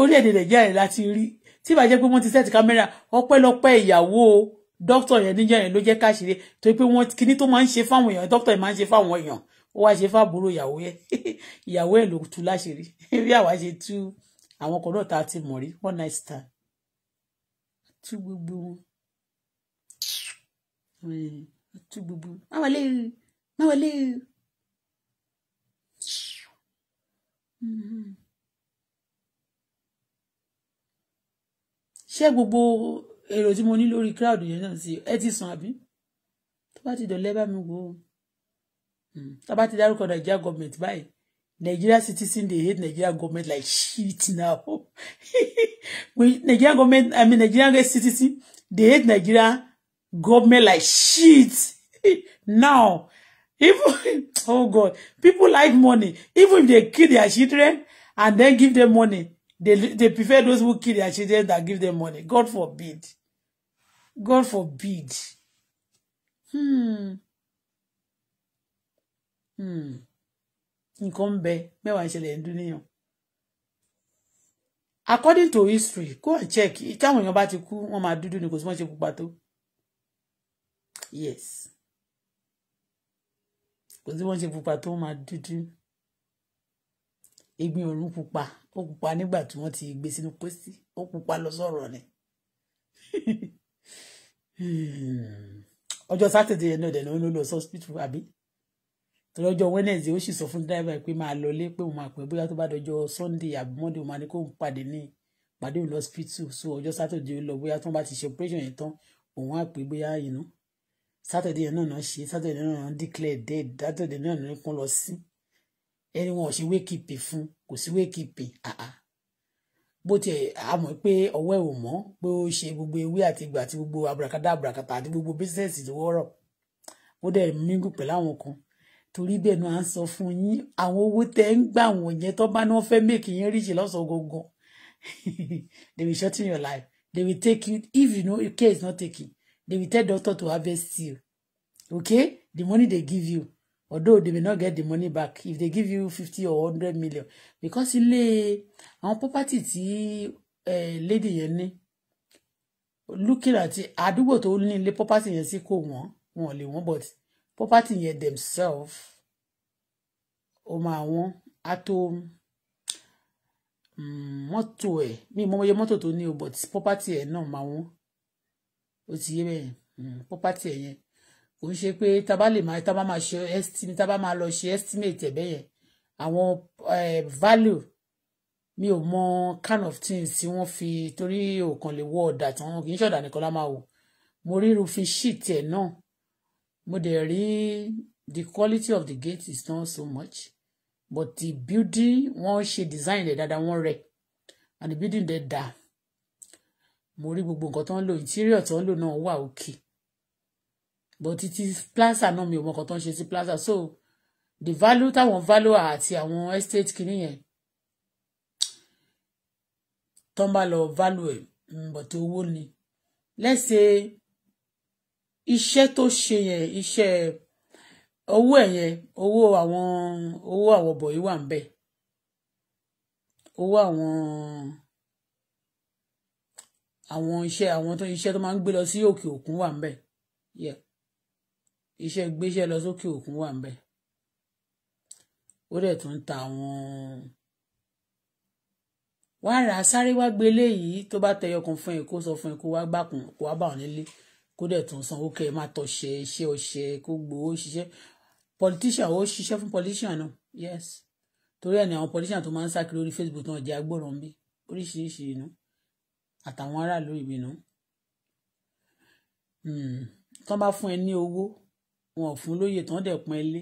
orílẹ̀-èdè nàìjíríà láti rí tí bá jẹ́ pé wọ́n ti sẹ́ẹ̀tì kámẹ́rà ọpẹ́lọpẹ́ ìyàwó dókítà yẹn níjọ́ yẹn ló jẹ́ káṣíire torí pé wọ́n kíní tó máa ń ṣe fáwọn èèyàn dókítà yẹn máa ń ṣe fáwọn èèyàn ó wá ṣe fáàbúrò ìyàwó yẹn ìyàwó ẹ̀ ló tú láṣìírí bí àwa ṣe tú àwọn kan náà tá a ti mọ̀ rí one night stand tú gbogbo hmm, tú gbogbo má wọlé má wọlé. ṣé gbogbo èrò tí mo ní lórí crowd yẹn náà sí ẹ ti sàn àbí tó bá ti dọ̀lẹ́ bá mi wò ó hmm. tó bá ti dárúkọ Nigeria government báyìí Nigeria citizens dey hate Nigeria government like shit now Nigeria government I mean Nigeria citizens dey hate Nigeria government like shit now even oh God people like money even if they kill their children and then give them money They, they prefer those who kill their children that give them money. God forbid. God forbid. Hmm. Hmm. Nǹkan me wa mẹ́wàá ìṣẹ̀lẹ̀ According to history, go and check. Ita mo bá ti kú, wọ́n máa ni kò sí Yes. Kò sí wọ́n ṣe pupa tó, egbin òru pupa ó pupa nígbà tí wọ́n ti gbé sínú pósí ó pupa lọ sọ̀rọ̀ ni hmm. ọjọ́ sátidé yẹn náà dẹ̀ ni hospital abi, torí ọjọ́ wednesday ó sì sọ fún dáìbà pé máa lọlé pé òun máa pẹ́ bóyá tó bá dọjọ́ sunday àbí monday òun máa ní kó òun pàdé ní pàdé òun hospital so ọjọ́ sátidé lo boya tó bá ti ṣe operation yẹn tán òun á pè bóyá yìnyín sátidé yẹn náà náà ṣe sátidé declare dead Saturday náà náà kún lọ sí ẹni wọn ò ṣe wékìpì fún kò sí wékìpì àá bó tiẹ̀ àmọ́ pé ọwọ́ ẹ̀ ò mọ́ pé ó ṣe gbogbo ewé àti ìgbà àti gbogbo abúrakadá abúrakata àti gbogbo bísíǹsì tó wọ́rọ̀ ó dẹ̀ mingù pẹ̀lú àwọn kan torí bẹ́ẹ̀ náà à ń sọ fún yín àwọn owó tẹ́ ń gbà wọ̀n yẹn tó bá náà fẹ́ mèkì yín ríṣì lọ́sàn-án gangan they will shorten your life they will take you if you know your care is not taken they will tell doctor to harvest you okay the money they give you although they may not get the money back if they give you fifty or hundred million because in ilé on property tí eh, lady yẹn ní looking at àdúgbò tó ní ilé property yẹn sí kò wọ́n wọn ò lè wọ́n but property yẹn themselves ó máa wọ́n á tó mm, mọ́tò mi ì mọ iye to ni ní o but property ẹ̀ náà máa wọ́n ó ti yé bẹ́ẹ̀ mm, property ẹ̀ yẹn kò ń ṣe pé tá bá lè máa taba bá máa ṣe estimate tá bá máa lọ ṣe estimate ẹ̀ bẹ́yẹn àwọn value mi ò mọ kind of things tí wọ́n fi torí òkan lè wọ ọ̀dà tí wọ́n kì í ṣọ̀dà nìkan lá máa wò mo rí rufin sheet ẹ̀ náà mo dẹ̀ rí the quality of the gate is not so much but the building wọ́n ṣe design rẹ̀ dáadáa wọ́n rẹ̀ and the building dẹ̀ dà mo rí gbogbo nǹkan tó ń lò interior tó ń lò náà wà òkè. Okay but it is plaza náà mi ò mọ ọkọ̀ tó ń ṣe sí plaza so the value táwọn value àti àwọn estate kìíní yẹn tó ń bá lọ value mm, but owó ni let's say iṣẹ́ tó ṣe yẹn iṣẹ́ owó ẹ̀ yẹn owó àwọn owó àwọn bọ̀yì wà ń bẹ̀ owó àwọn àwọn iṣẹ́ àwọn tó iṣẹ́ tó máa ń gbé lọ sí òkè òkun wà ń bẹ̀ yeah iṣẹ́ gbéṣẹ́ lọ sókè òkun wà ń bẹ̀ ó dẹ̀ tún ń ta àwọn wá rà sáré wá gbé léyìí tó bá tẹyọ kan fún ẹ kó sọ fún ẹ kó wá gbàkùn kó wá bà ọ nílé kó dẹ̀ tún sanwó kẹ́ ẹ má tọ̀ṣẹ́ iṣẹ́ ọṣẹ kó gbowó ṣiṣẹ́ politician ó ṣiṣẹ́ fún politician náà yes torí ẹ̀ ni àwọn politician tó máa ń sákiri lórí Facebook náà jẹ́ agbóran bí oríṣiríṣi inú àtàwọn aráàlú ìbínú hmm. tán bá fún ẹ ní owó wọn ò fún lóye tán dẹ̀ pọn ilé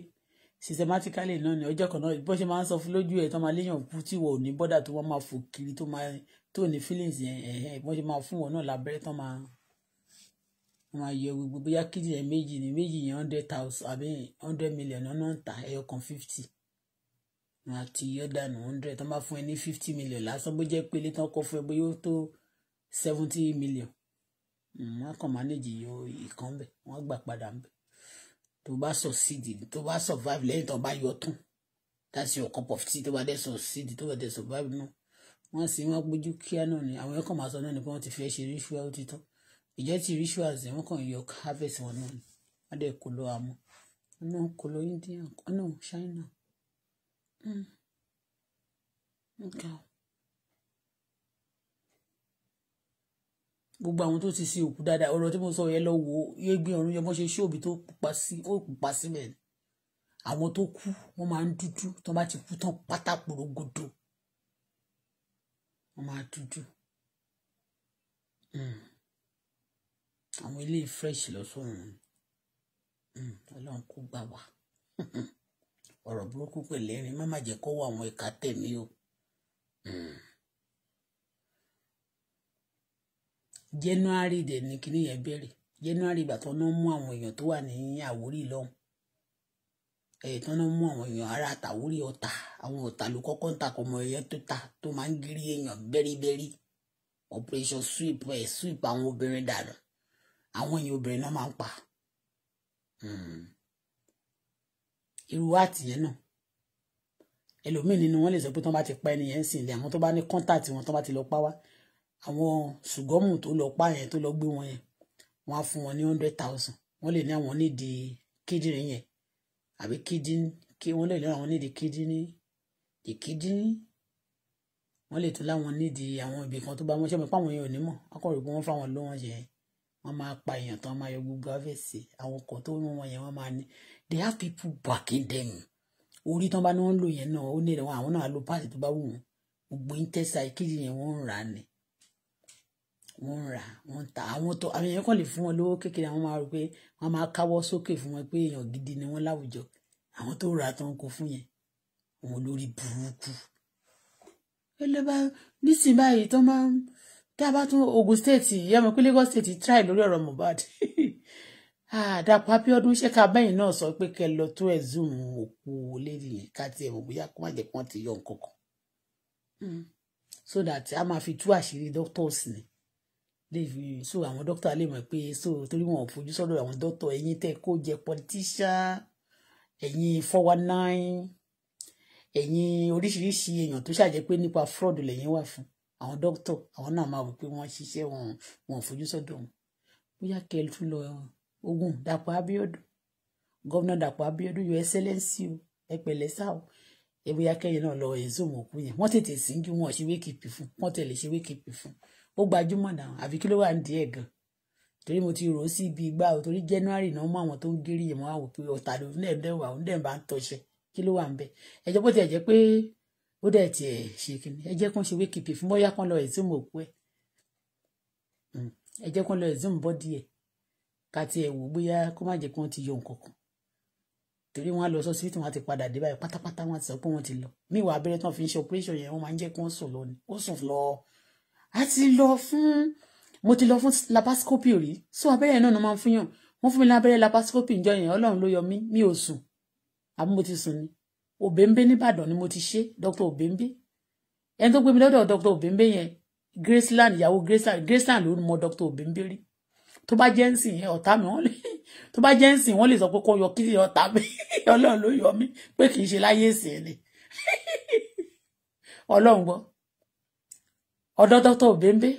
systematically náà ni ọjọ́ kan náà bó ṣe máa ń sọ fún lójú ẹ̀ tán máa léèyàn kú tí wọ́n ò ní bọ́dà tó wọ́n máa fò kiri tó máa tó ní feelings yẹn bó ṣe máa fún wọn náà lábẹ́rẹ́ tán máa wọ́n máa yẹ gbogbo bóyá kídì ẹ̀ méjì ní méjì yẹn hundred thousand àbí hundred million náà ń ta ẹyọ kan fifty wọn àti yọ dànù hundred tán bá fún ẹ ní fifty million lásán bó jẹ́ pélé tán kọ́ fún ẹ bóyá ó tó seventy million hmm, wọ́n kàn manage yọ ìkan bẹ̀ wọ́n gbà padà ń tó bá succeed tó bá survive lẹ́yìn tó bá yọ tán that's your cup of tea tó bá dẹ̀ succeed tó bá dẹ̀ survive náà wọ́n sì wọ́n gbójú kíá náà ni àwọn ẹ̀kọ́ máa sọ náà ni pé wọ́n ti fẹ́ ṣe ritual títọ́ ìjẹ́ ti rituals ẹ̀ wọ́n kàn yọ harvest wọn náà ni wọ́n dẹ̀ kó lọ àmọ́ ọ̀nà kó lọ India ọ̀nà China. Mm. Okay. gbogbo àwọn tó ti sin òkú dáadáa ọ̀rọ̀ tí mo sọ yẹn lọ wò ó yégbin ọ̀run yẹn bọ́n ṣe ṣóòbí tó pupa sí ó pupa sí mẹ́rin àwọn tó kú wọ́n máa ń dúdú tó bá ti kú tán pátá porogodo wọ́n máa dúdú hmm. àwọn ilé fresh lọ́sọ̀run hmm. ọlọ́run kó gbà wá ọ̀rọ̀ burúkú pẹ̀lẹ́rìn má má jẹ́ kó wọ àwọn ìka tẹ̀mí o. Mm. January dẹ̀ ní kíní yẹn bẹ̀rẹ̀ January ìgbà tó náà mú àwọn èèyàn tó wà ní Àwórì lọ́hùn ẹ̀yìn tó náà mú àwọn èèyàn ara àtàwórì ọ̀tà àwọn ọ̀tà ló kọ́kọ́ ń takọ̀ ọmọ ẹ̀yẹ tó ta tó máa ń gírí èèyàn bẹ́rìbẹ́rì operation sweep ẹ̀ sweep àwọn obìnrin dànù àwọn èèyàn obìnrin náà máa ń pa hmm. irú àtìyẹn náà ẹlòmíín nínú wọn lè sọ pé tí bá ti pa ẹnìyẹn ń sìn lé àwọn tó bá ní kọ́ńtà tí wọn tó bá ti lọ pa wá àwọn ṣùgọ́mù tó lọ pa yẹn tó lọ gbé wọn yẹn wọ́n á fún wọn ní hundred thousand wọ́n lè ní àwọn nídìí kíndìnrín yẹn àbí kíndìnrín kí wọ́n lè ní àwọn nídìí kíndìnrín di kíndìnrín wọ́n lè tún láwọn nídìí àwọn ibì kan tó bá wọn ṣe mọ̀ páwọn èèyàn ò ní mọ̀ akọ̀ròyìn pé wọ́n fáwọn lọ́wọ́ yẹn wọ́n máa pa èèyàn tán máa yọ gbogbo àfẹsẹ àwọn kan tó mú wọn yẹn wọ́n máa ní they have people backing them orí tán bá ní wọ́n lò yẹn náà ó ní ìrẹwọn àwọn náà lo páàsì tó bá wù wọ́n gbogbo intestine kíndìnrín yẹn wọ́n ń rà ni wọ́n ń rà wọ́n ń ta àwọn tó àwọn èèyàn kàn lè fún wọn lówó kékeré àwọn máa rò pé wọ́n máa káwọ́ sókè fún wọn pé èèyàn gidi ni wọ́n láwùjọ àwọn tó rà tó ń kó fún yẹn òun lórí burúkú. ẹlẹ́ nísìnyí báyìí tó máa ń tá a bá tún Ogun State yẹ pé Lagos State try lórí ọ̀rọ̀ Mohbad ah, Dàpọ̀ Abíọ́dún ṣé ká bẹ́yìn náà sọ pé kẹ lọ tó ẹ̀ zoom òkú lédi yẹn ká tiẹ̀ wò bóyá kó má jẹ́ kó wọ́n ti yọ nǹkan kan hmm. so that a máa fi tú àṣírí doctors ni lè fi so àwọn dókítà lè mọ̀ pé so torí wọn ò fojú sọ́dọ̀ àwọn dókítà ẹ̀yin tẹ́ kó jẹ politician ẹ̀yin four one nine ẹ̀yin oríṣiríṣi èèyàn tó ṣàjẹ́ pé nípa fraud lẹ́yìn wà fún àwọn dókítà àwọn náà máa wò pé wọ́n ṣiṣẹ́ wọn wọn ò fojú sọ́dọ̀ wọn bóyá kẹ́ẹ̀ tún lọ ogun Dàpọ̀ Abíọ́dún gọ́vnà Dàpọ̀ Abíọ́dún your excellency o ẹ pẹ̀lẹ́ sá o ẹ bóyá kẹ́yìn náà lọ ẹ̀ zoom òkú yẹn wọ́n tètè sí kí wọ́n ṣe wékìpì fún wọ́n tẹ̀lé ṣe wékìpì fún un ó gbajúmọ̀ náà àfi kí ló wà nídìí ẹ̀ gan torí mo ti rò ó sí ibi ìgbà o torí January náà mọ àwọn tó ń gérí yìí mọ àwọn pé ọ̀tà ló ní ẹ̀dẹ̀ wà ó ń dẹ̀ bá ń tọṣẹ kí ló wà ń bẹ ẹjọ́ bó tiẹ̀ jẹ́ pé ó dẹ̀ tiẹ̀ ṣe kíni ẹ jẹ́ kó ṣe wékìpì fún bóyá kan lọ ẹ̀sìn mò pé ẹ jẹ́ kán lọ ẹ̀sìn bọ́ díẹ̀ ká tiẹ̀ wò bóyá kó má jẹ́ kí wọ́n ti yọ nǹkan kan torí wọ́n á lọ sọ́sibí operation yẹn wọ́n máa ń jẹ́ a ti lọ fún mo ti lọ fún laparoscopy rí so abẹ́rẹ́ náà ló máa ń fún yàn wọ́n fún mi lábẹ́rẹ́ laparoscopy ìjọ yẹn ọlọ́run ló yọ mí mi ò sùn àbí mo ti sùn ni òbèǹbé nìbàdàn ni mo ti ṣe dr òbèǹbé ẹni tó gbé mi lọ́dọ̀ dr òbèǹbé yẹn graceland ìyàwó graceland graceland ló mọ dr òbèǹbé rí tó bá jẹ́ ǹsìn yẹn ọ̀tá mi wọ́n lè tó bá jẹ́ ǹsìn wọ́n lè sọ pé kó yọ kí ọ̀tá mi ọlọ́run ló yọ mí pé kì í ṣe láyé ìsìn ni ọlọ́run gbọ́ ọ̀dọ̀ dr obembe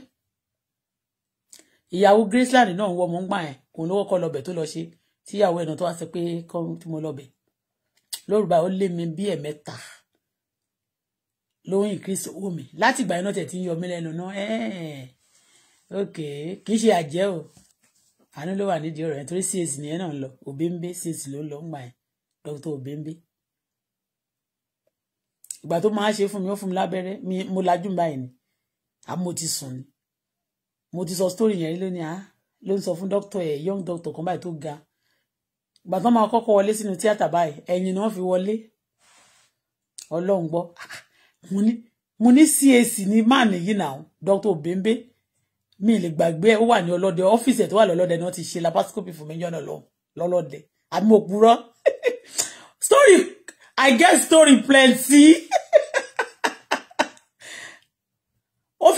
ìyàwó graceland náà ń wọ ọmọ ń gbà yẹn òun ló kọ́kọ́ lọbẹ tó lọ ṣe tíyàwó ẹnu tó wá sọ pé kọ tí mo lọbẹ lórúbá ó lé mi bí ẹ̀mẹ́ta ló ń increase owó mi láti ìgbà iná tẹ̀ tí ń yọ mí lẹ́nu náà ok kì í ṣe àjẹ́ o àánú ló wà nídìí ọ̀rọ̀ yẹn torí cac nìyẹn náà ń lọ òbẹ́ńbẹ́ cac ló ń lọ ń gbà yẹn dr òbẹ́ńbẹ́ ìgbà tó máa ṣe fún mi ó fún mi lábẹ́rẹ́ mo lajú báyìí ni àmọ́ mo ti sùn ni mo ti sọ story yẹn lónìí à ló ń sọ fún doctor ẹ̀ young doctor kan báyìí tó ga ìgbà tó máa kọ́kọ́ wọlé sínú tíátà báyìí ẹ̀yìn ni wọ́n fi wọlé ọlọ́run gbọ́ mo ní CAC ní man yìí náà doctor bembe mi lè gbàgbé ó wà ní ọlọ́dẹ ọ́fíìsì ẹ̀ tó wà lọ́lọ́dẹ náà ti ṣe laparoscopy fún mi yọ̀nà lọ́lọ́dẹ àmì òpùrọ́ story I get story plenty.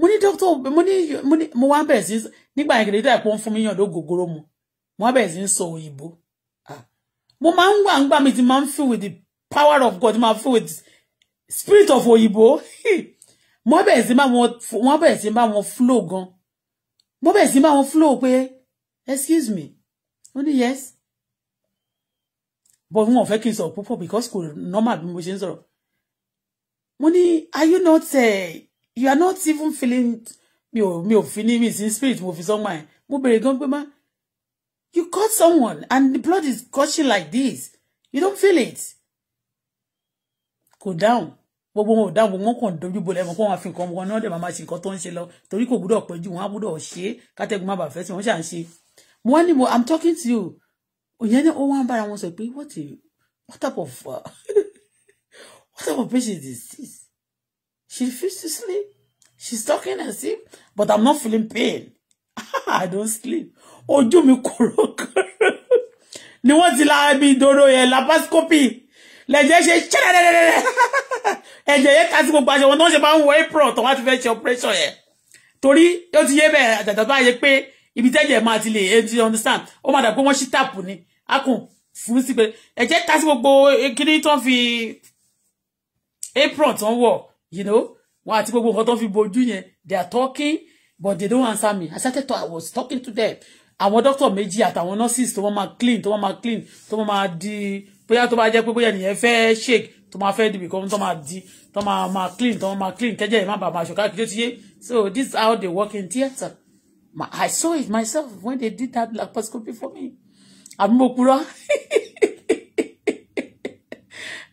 mo ní dókítà mo ní mo ní mo wá bẹ̀rẹ̀ sí nígbà yẹn kìlẹ̀ dàpọ̀ ń fún mi yàn ló gògóró mu mo wá bẹ̀rẹ̀ sí ń sọ òyìnbó mo máa ń wà mi ti máa feel with the power of God máa feel with spirit of òyìnbó mo bẹ̀rẹ̀ sí bá wọn mo bẹ̀rẹ̀ sí bá wọn flow gan mo bẹ̀rẹ̀ sí bá wọn flow pé excuse me ó yes but wọn ò fẹ́ kí n because kò normal bí mo ṣe ń sọ̀rọ̀ mo ní are you not. Uh, you are not even feeling mi ò mi ò fi ní mi spirit move fi sọ́mọ́ ẹ̀ mo bèrè gan pé you cut someone and the blood is gushing like this you don't feel it kò dáhùn gbogbo wọn ò dáhùn gbogbo wọn kàn dojú bolẹ̀ mọ́ kó wọn fi nǹkan wọn náà dẹ̀ máa ma ṣe nǹkan tó ń ṣe lọ torí kò gbúdọ̀ pẹ́ jù wọn á gbúdọ̀ ṣe é kátẹ́gùn má bàa fẹ́ sí wọn ṣà ń ṣe wọn ni mo i'm talking to you òyìn ni ó wá ń bára wọn sọ pé what a what type of uh, what type of patient is this She refused to sleep. She's talking as if, but I'm not feeling pain. I don't sleep. Ojú mi kòrókòrò. Ni wọ́n ti la ibi ìdòrò yẹn laparoscopy. Lẹ̀jẹ̀ ṣe ṣẹ́rẹ̀rẹ̀rẹ̀. Ẹ̀jẹ̀ yẹn kásí gbogbo aṣọ wọn tí wọ́n ṣe máa ń wọ apron tó wá ti fẹ́ ṣe operation yẹn. Torí ó ti yé bẹ́ẹ̀ àtàtà bá yẹ pé ibi tẹ́jẹ̀ máa ti lè you understand. Ó máa dà pé wọ́n ṣí tàpù ni. A kùn fún sí pé ẹ̀jẹ̀ kásí gbogbo kíní tó ń fi apron tó ń you know wọn àti gbogbo nǹkan tó fi bojú yẹn they are talking but they don't answer me i started to i was talking to them àwọn doctor méjì àtàwọn nurses tó wọ́n máa clean tó wọ́n máa clean tó wọ́n máa di bóyá tó bá jẹ́ pé bóyá ènìyàn fẹ́ shake tó máa fẹ́ dìbì kan tó máa di tó máa máa clean tó máa clean kẹ́jẹ́ ìmọ̀ bàbá aṣọ káàkiri ti yé so this is how they work in theatre i saw it myself when they did that laparoscopy for me àbí mo purọ́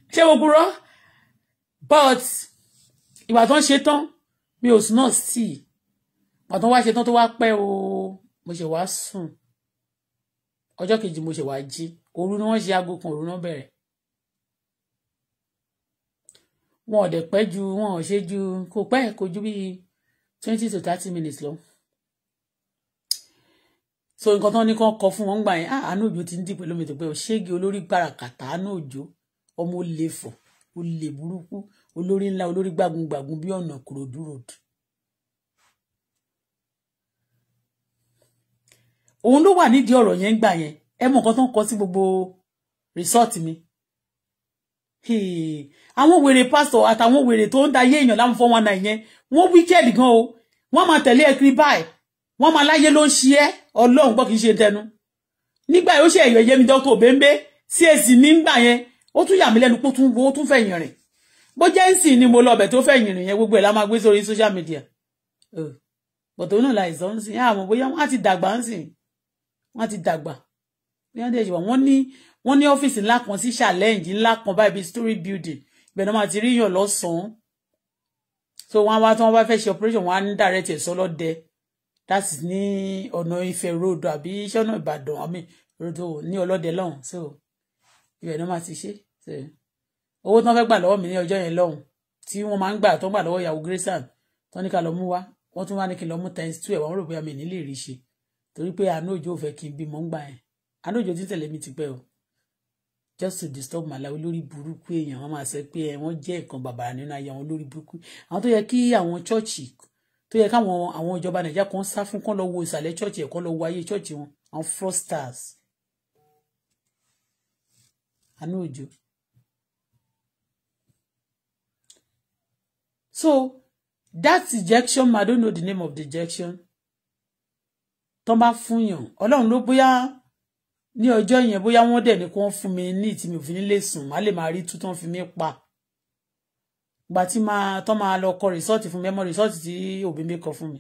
ṣé mo purọ́ but ìgbà tó ń ṣe tán mi ò sùn náà sí i ìgbà tó ń wá ṣe tán tó wá pẹ́ o mo ṣe wá sùn ọjọ́ kejì mo ṣe wá jí òru ni wọ́n ṣe aago kan òru náà bẹ̀rẹ̀ wọn ò dẹ̀ pẹ́ ju wọn ò ṣe ju kò pẹ́ kò ju bíi twenty to thirty minutes lọ so nǹkan tán ní kán kọ fún wọn gbà yẹn ah, àánú òjò ti ń dìpẹ́ lómi tó pẹ́ ò ṣégi olórí gbàràkàtà àánú òjò ọmọ olè fọ̀ olè burúkú olórí ńlá olórí gbàgùngbàgùn bí ọ̀nà kòròdú road. òun ló wà nídìí ọ̀rọ̀ yẹn ń gbà yẹn ẹ mọ̀ nǹkan tó ń kọ sí gbogbo rìsọ́ọ̀tì mi. àwọn wèrè pásítọ̀ àtàwọn wèrè tó ń da ayé èèyàn láwọn fọ́n wọn náà yẹn wọ́n wíkẹ́ẹ̀dì gan o wọ́n máa tẹ̀lé ẹ kiri báyìí wọ́n máa láyé ló ń ṣe ẹ́ ọlọ́run gbọ́ kì í ṣe tẹnu. nígbà yóò ṣe ẹ̀yọ̀ yẹmi dọ́kítọ̀ bẹ́ńbẹ́ csc nígbà yẹn ó tún yà mí lẹ́nu pé ó tún wo tún fẹ̀yìn rìn bó jẹ́ nsìn ni mo lọ́bẹ̀ tó fẹ̀yìn rìn yẹn gbogbo ẹ̀ la máa gbé sórí social media bọ̀tò náà la ìsọ̀ ń sìn àmọ́ bóyá wọ́n á ti dàgbà ń sìn wọ́n á ti dàgbà bóyá dẹ̀ ṣùgbọ́n wọ́n ní wọ́n ní ọ́fíìsì ńlá kan sí challenge ńlá kan báyìí bíi story building ibẹ̀ náà máa ti rí yàn lọ́sàn-án so wọ́n á wá tí wọ́n bá fẹ́ ṣe operation wọ́n á ní direct ẹ̀ sọ́lọ́dẹ that's ní ọ̀nà Ifẹ̀ road àbí sọ́nà Ìbàdàn àmì road ní ọlọ́dẹ lọ́hùn so ibẹ̀ ni wọ́n máa ti ṣe owó tí wọ́n fẹ́ gbà lọ́wọ́ mi ní ọjọ́ yẹn lọ́hùn tí wọ́n máa ń gbà tó ń gbà lọ́wọ́ ìyàwó grayson tó ní ká lọ mú wá wọ́n tún wá ní kí n lọ mú times two ẹ̀ wọ́n rò pé àmì nílé rí ṣe torí pé àánú òjò fẹ́ kí n bímọ ń gbà yẹn àánú òjò ti tẹ̀lé mi ti pẹ́ o just to disturb màláwí lórí burúkú èèyàn wọ́n máa sọ pé wọ́n jẹ́ ìkan bàbà nínú ayé àwọn lórí burúkú àwọn tó yẹ kí àwọn chọ́ọ̀chì tó yẹ káwọn àwọn ìjọba nàìjíríà kan sá fún kán lọ wo ìsàlẹ̀ chọ́ọ̀chì ẹ̀ kán lọ wo ayé chọ́ọ̀chì wọn àwọn frosters àmì òjò. so that injection ma don't know the name of the injection tó bá fún yàn ọlọ́run ló bóyá ní ọjọ́ yẹn bóyá wọ́n dẹ̀ ní kí wọ́n fún mi ní ìtì mi ò fi ní lè sùn má lè máa rí tútàn fi mí pa ìgbà máa tán máa lọ kọ rìsọ́ọ̀tì fún mi ẹmọ rìsọ́ọ̀tì tí òbí mi kọ fún mi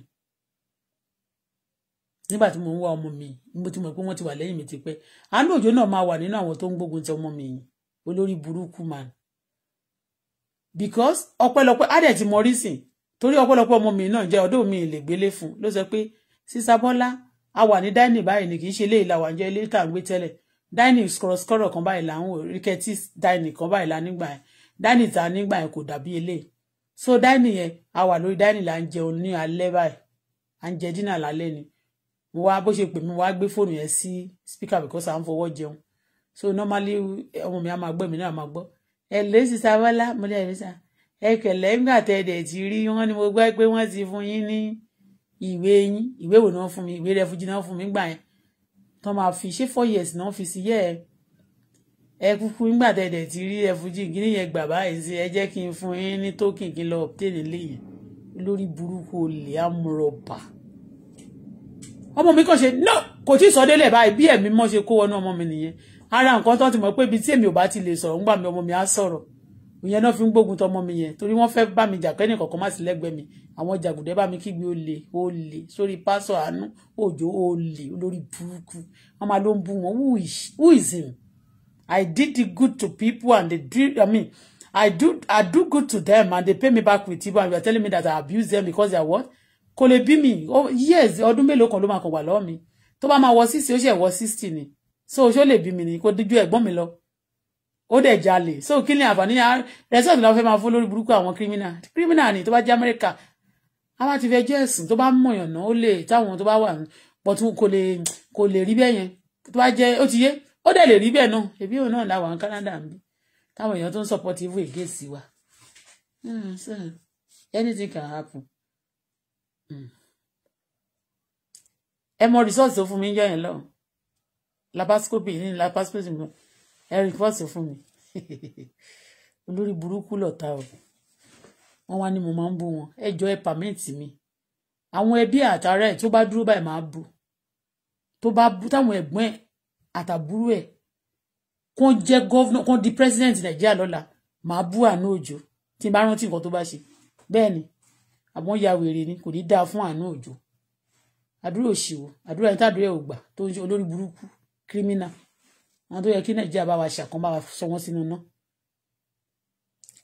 nígbà tí mo ń wá ọmọ mi mo ti mọ̀ pé wọ́n ti wà lẹ́yìn mi ti pẹ́ àánú òjò náà máa wà nínú àwọn tó ń gbógun ti ọmọ mi yìí olórí burúkú man because ọpẹ́lọpẹ́ adẹ ti mọ rísìn torí ọpẹ́lọpẹ́ ọmọ mi náà jẹ ọdọ mi lè gbélé fún ló sọ pé sísá Bọ́lá a wà ní dining báyìí ni kì í ṣe ilé ìlàwà jẹ ilé tá à ń gbé tẹ́lẹ̀ dining skọrọskọrọ kan báyìí là ń wò rikẹtì dining kan báyìí là nígbà yẹn dining ta nígbà yẹn kò dàbí eléyìí so dining yẹn a wà lórí dining là ń jẹun ní alẹ́ báyìí à ń jẹ dínà lálẹ́ ni mo wá bó ṣe pè mí wá gbé fóònù yẹn sí speaker because à ń fọwọ́ jẹun so normally ọmọ mi á máa gbọ́ èmi náà á máa gbọ́ ẹ lè sísá wọlá mo lè rí sá ẹ kẹlẹ ńgbà tẹ ẹ dẹ ti rí wọn ni mo gbọ́ pé wọ́n ti fún yín ní ìwé yín ìwé wo náà fún mi ìwé refugee náà fún mi gbà yẹn tó máa fi ṣé four years náà fi sí yẹ ẹ kúkú ńgbà tẹ ẹ dẹ ti rí refugee kí nìyẹn gbà báyìí sí ẹ jẹ́ kí n fún yín ní token kí n lọ obtain lẹ́yìn lórí burúkú olè amúrọ̀bà ọmọ mi kàn ṣe no kò tí ì sọ délẹ̀ báyìí bí ẹ̀mí mọ́ ṣe kó wọnú ọmọ mi nìyẹn ara nǹkan tó ti mọ̀ pé ibi tí èmi ò bá ti lè sọ̀rọ̀ ńgbà mi ọmọ mi á sọ̀rọ̀ ìyẹn náà fi ń gbógun tọmọ mi yẹn torí wọ́n fẹ́ bá mi jà kẹ́ni kọ̀ọ̀kan má sí lẹ́gbẹ̀ẹ́ mi àwọn jàgùdẹ́ bá mi kígbe olè olè sórí pásọ àánú òjò olè olórí burúkú wọ́n máa ló ń bú wọn who is him I did the good to people and they did I mean I do I do good to them and they pay me back with evil and you are telling me that I abuse them because they are what kò lè bí mi years ọdún mélòó kan ló máa kàn wà lọ́wọ́ mi tó bá máa wọ sixty ó ṣe wọ sixty ni so ṣó lè bí mi ni kò díjú ẹ̀gbọ́n mi lọ ó dẹ̀ jalè so kí ni àǹfààní resort náà fẹ́ máa fún lórí burúkú àwọn criminal criminal ni tó bá jẹ́ Amẹ́ríkà a bá ti fẹ́ jẹ́ ẹ̀sìn tó bá mọ̀yàn náà ó lè táwọn tó bá wà pọ̀tù kò lè kò lè rí bẹ́ẹ̀ yẹn tó bá jẹ́ ó ti yé ó dẹ̀ lè rí bẹ́ẹ̀ náà ẹbí òun náà làwọn Canada ń bí táwọn èèyàn tó ń support even against wa hmm, anything can happen ẹ mọ result tó fún mi jọ yẹn lọ labascope ní labascope mi ẹ report fún mi olórí burúkú lọ̀tá o wọ́n wá ní mo máa ń bú wọn ẹ jọ ẹ pàmẹ́ǹtì mi àwọn ẹbí àtàrà ẹ tó bá dúró báyìí máa bú tó bá bú táwọn ẹ̀gbọ́n ẹ àtàbúrú ẹ kàn jẹ́ gọ́vnà kàn di president nàìjíríà lọ́la màá bú àánú òjò tí n bá rántí nǹkan tó bá ṣe bẹ́ẹ̀ ni àbọ̀ ya wèrè ni kò ní dáa fún àánú òjò àdúrà òṣìwò àdúrà yìí tàdúrà ògbà tó ń ṣe olórí burúkú kírímínà àwọn tó yẹ kí nàìjíríà bá wa ṣàkán bá wa sọ wọn sínú ná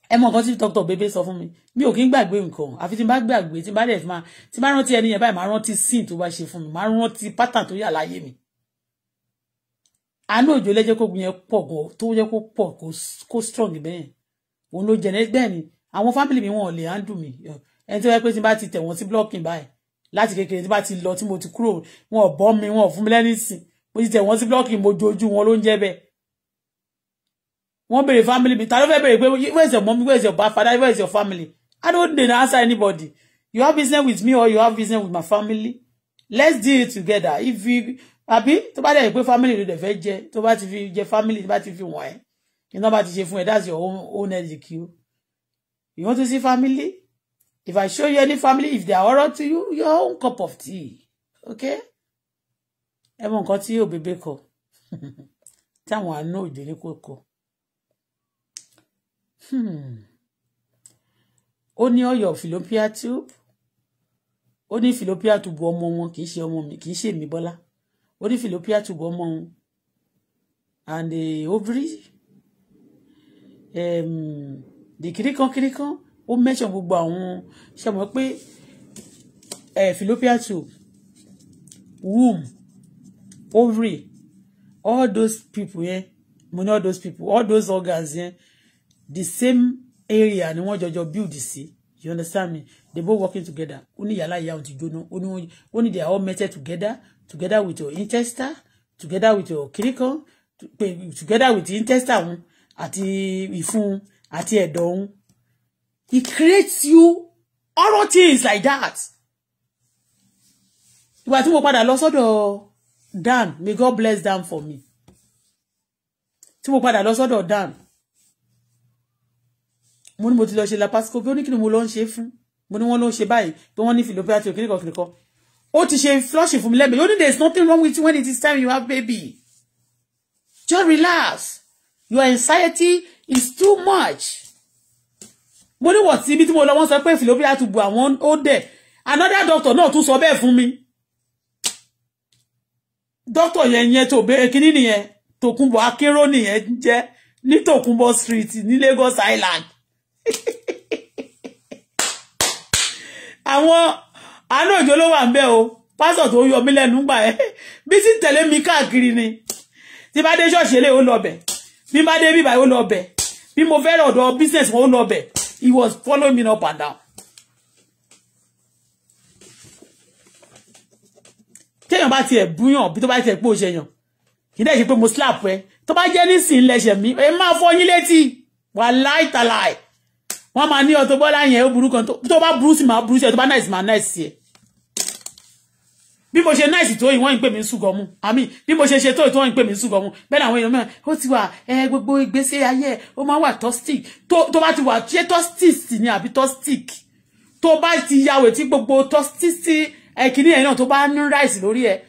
ẹ mọ nǹkan tí dókítà bébé sọ fún mi mi ò kí ń gbàgbé nǹkan àfi tí n bá gbàgbé tí n bá dẹ̀ fi máa tí n bá rántí ẹni yẹn báyìí máa rántí sin tó bá ṣe fún mi máa rántí pátán tó yà láyé mi àánú òjò lẹ́jẹ́ kó yẹn pọ̀ kó tó yẹ kó pọ̀ kó strong bẹ́ẹ̀ òun ló jẹ bẹ́ẹ̀ ni àwọn fámìlì mi wọn ò lè handle mi ẹni tí wọ́n pé tí n bá ti tẹ̀ sí blocking báyìí láti kékeré tí bá ti lọ tí mo ti kúrò wọn ò bọ́ mi wọn ò fún mi lẹ́nìsìn mo ti tẹ̀ sí blocking mo jojú wọn ló ń jẹ́ bẹ́ẹ̀ wọ́n béèrè family mi ta ló fẹ́ béèrè pé where is your mom where is your father where is your family I don't dey answer anybody you have business with me or you have business with my family let's deal it together if you àbí tó bá dẹ̀ pé family ló dẹ̀ fẹ́ jẹ tó bá ti fi jẹ family tó bá ti fi wọ̀n ẹ́ iná bá ti ṣe fún ẹ that's your own own education you want to see family If I show you any family, if they are oral to you, your own cup of tea. Okay? Everyone Ẹ you, baby tí òbèbè I know you didn't kò kọ. Hmm. Ó ní your Philopia tube. Only ní tube one moment, kiss your ṣe kiss your kì í ṣe mi tube one moment. and the ovary um, the kirikan kirikan ó mention gbogbo àwọn ṣe mọ̀ pé eh, fallopian tube womb ovary all those people yẹn mo ní all those people all those organs yẹn the same area ni wọ́n jọjọ build sí you understand me they both working together ó ní yàrá ìyá òun ti jóná ó ní they are all melted together together with your intestine together with your kidney together with the intestine àti ìfun àti ẹ̀dọ̀ òun He creates you all things like that. Ìgbà tí mo padà lọ sọ́dọ̀ Dan, may God bless Dan for me. Tí mo padà lọ sọ́dọ̀ Dan, mo ní mo ti lọ ṣe la Pasco, bí ó ní kí ni mo lọ ń ṣe fún? Mo ní wọ́n ló ń ṣe báyìí, pé wọ́n ní philopia tí òkìníkan kìnìkan. Ó ti ṣe flushing fún mi lẹ́mìí. you ní there is nothing wrong with you when it is time you have baby. Just relax. Your anxiety is too much mo ní wọ̀ tí ibi tí mo lọ wọ́n sọ pé fìlópíà ti bu àwọn ó dẹ̀ another doctor náà tún sọ bẹ́ẹ̀ fún mi doctor yẹn yẹn tó bẹ́ẹ̀ kíní nìyẹn tòkunbọ̀ akérò nìyẹn jẹ́ ní tòkunbọ̀ street ní Lagos Island àwọn àánú òjò ló wà ń bẹ́ o pásọ̀ tó yọ mí lẹ́nu gbà ẹ́ bí sì tẹ̀lé mi káàkiri ni tí bá dé ṣọ́ọ̀ṣì eléyìí ó lọ bẹ̀ bí bá dé bíbá ó lọ bẹ̀ bí mo fẹ́ràn ọ̀dọ̀ business wọn ó lọ bẹ̀ He was following me up and down. Tell bá tiẹ̀ búyàn bí tó bá tiẹ̀ pé ó ṣe yàn kì í dẹ́ ṣe pé mo slap ẹ tó bá jẹ́ nísìn lẹ́ṣẹ̀ mi ẹ máa fọ yín létí wà láì tàlà ẹ̀ wọ́n máa ní Auto Bola yẹn ó burú kan tó bá burú sí máa burú sí ẹ tó bá bí mo ṣe náìsì tó ìwọ́n ìpè mí ń súgọ̀ mu àmì bí mo ṣe ṣe tó ìtọ́wọ́n ìpè mí ń súgọ̀ mu bẹ́ẹ̀ ni àwọn èèyàn mẹ́rin ó ti wà ẹ gbogbo ìgbésí ayé ó máa wà tostic tó bá ti wà ṣé tostic ni àbí tostic tó bá ti yàwé tí gbogbo tostic ẹ̀kíní ẹ̀ náà tó bá ń ráìsì lórí ẹ̀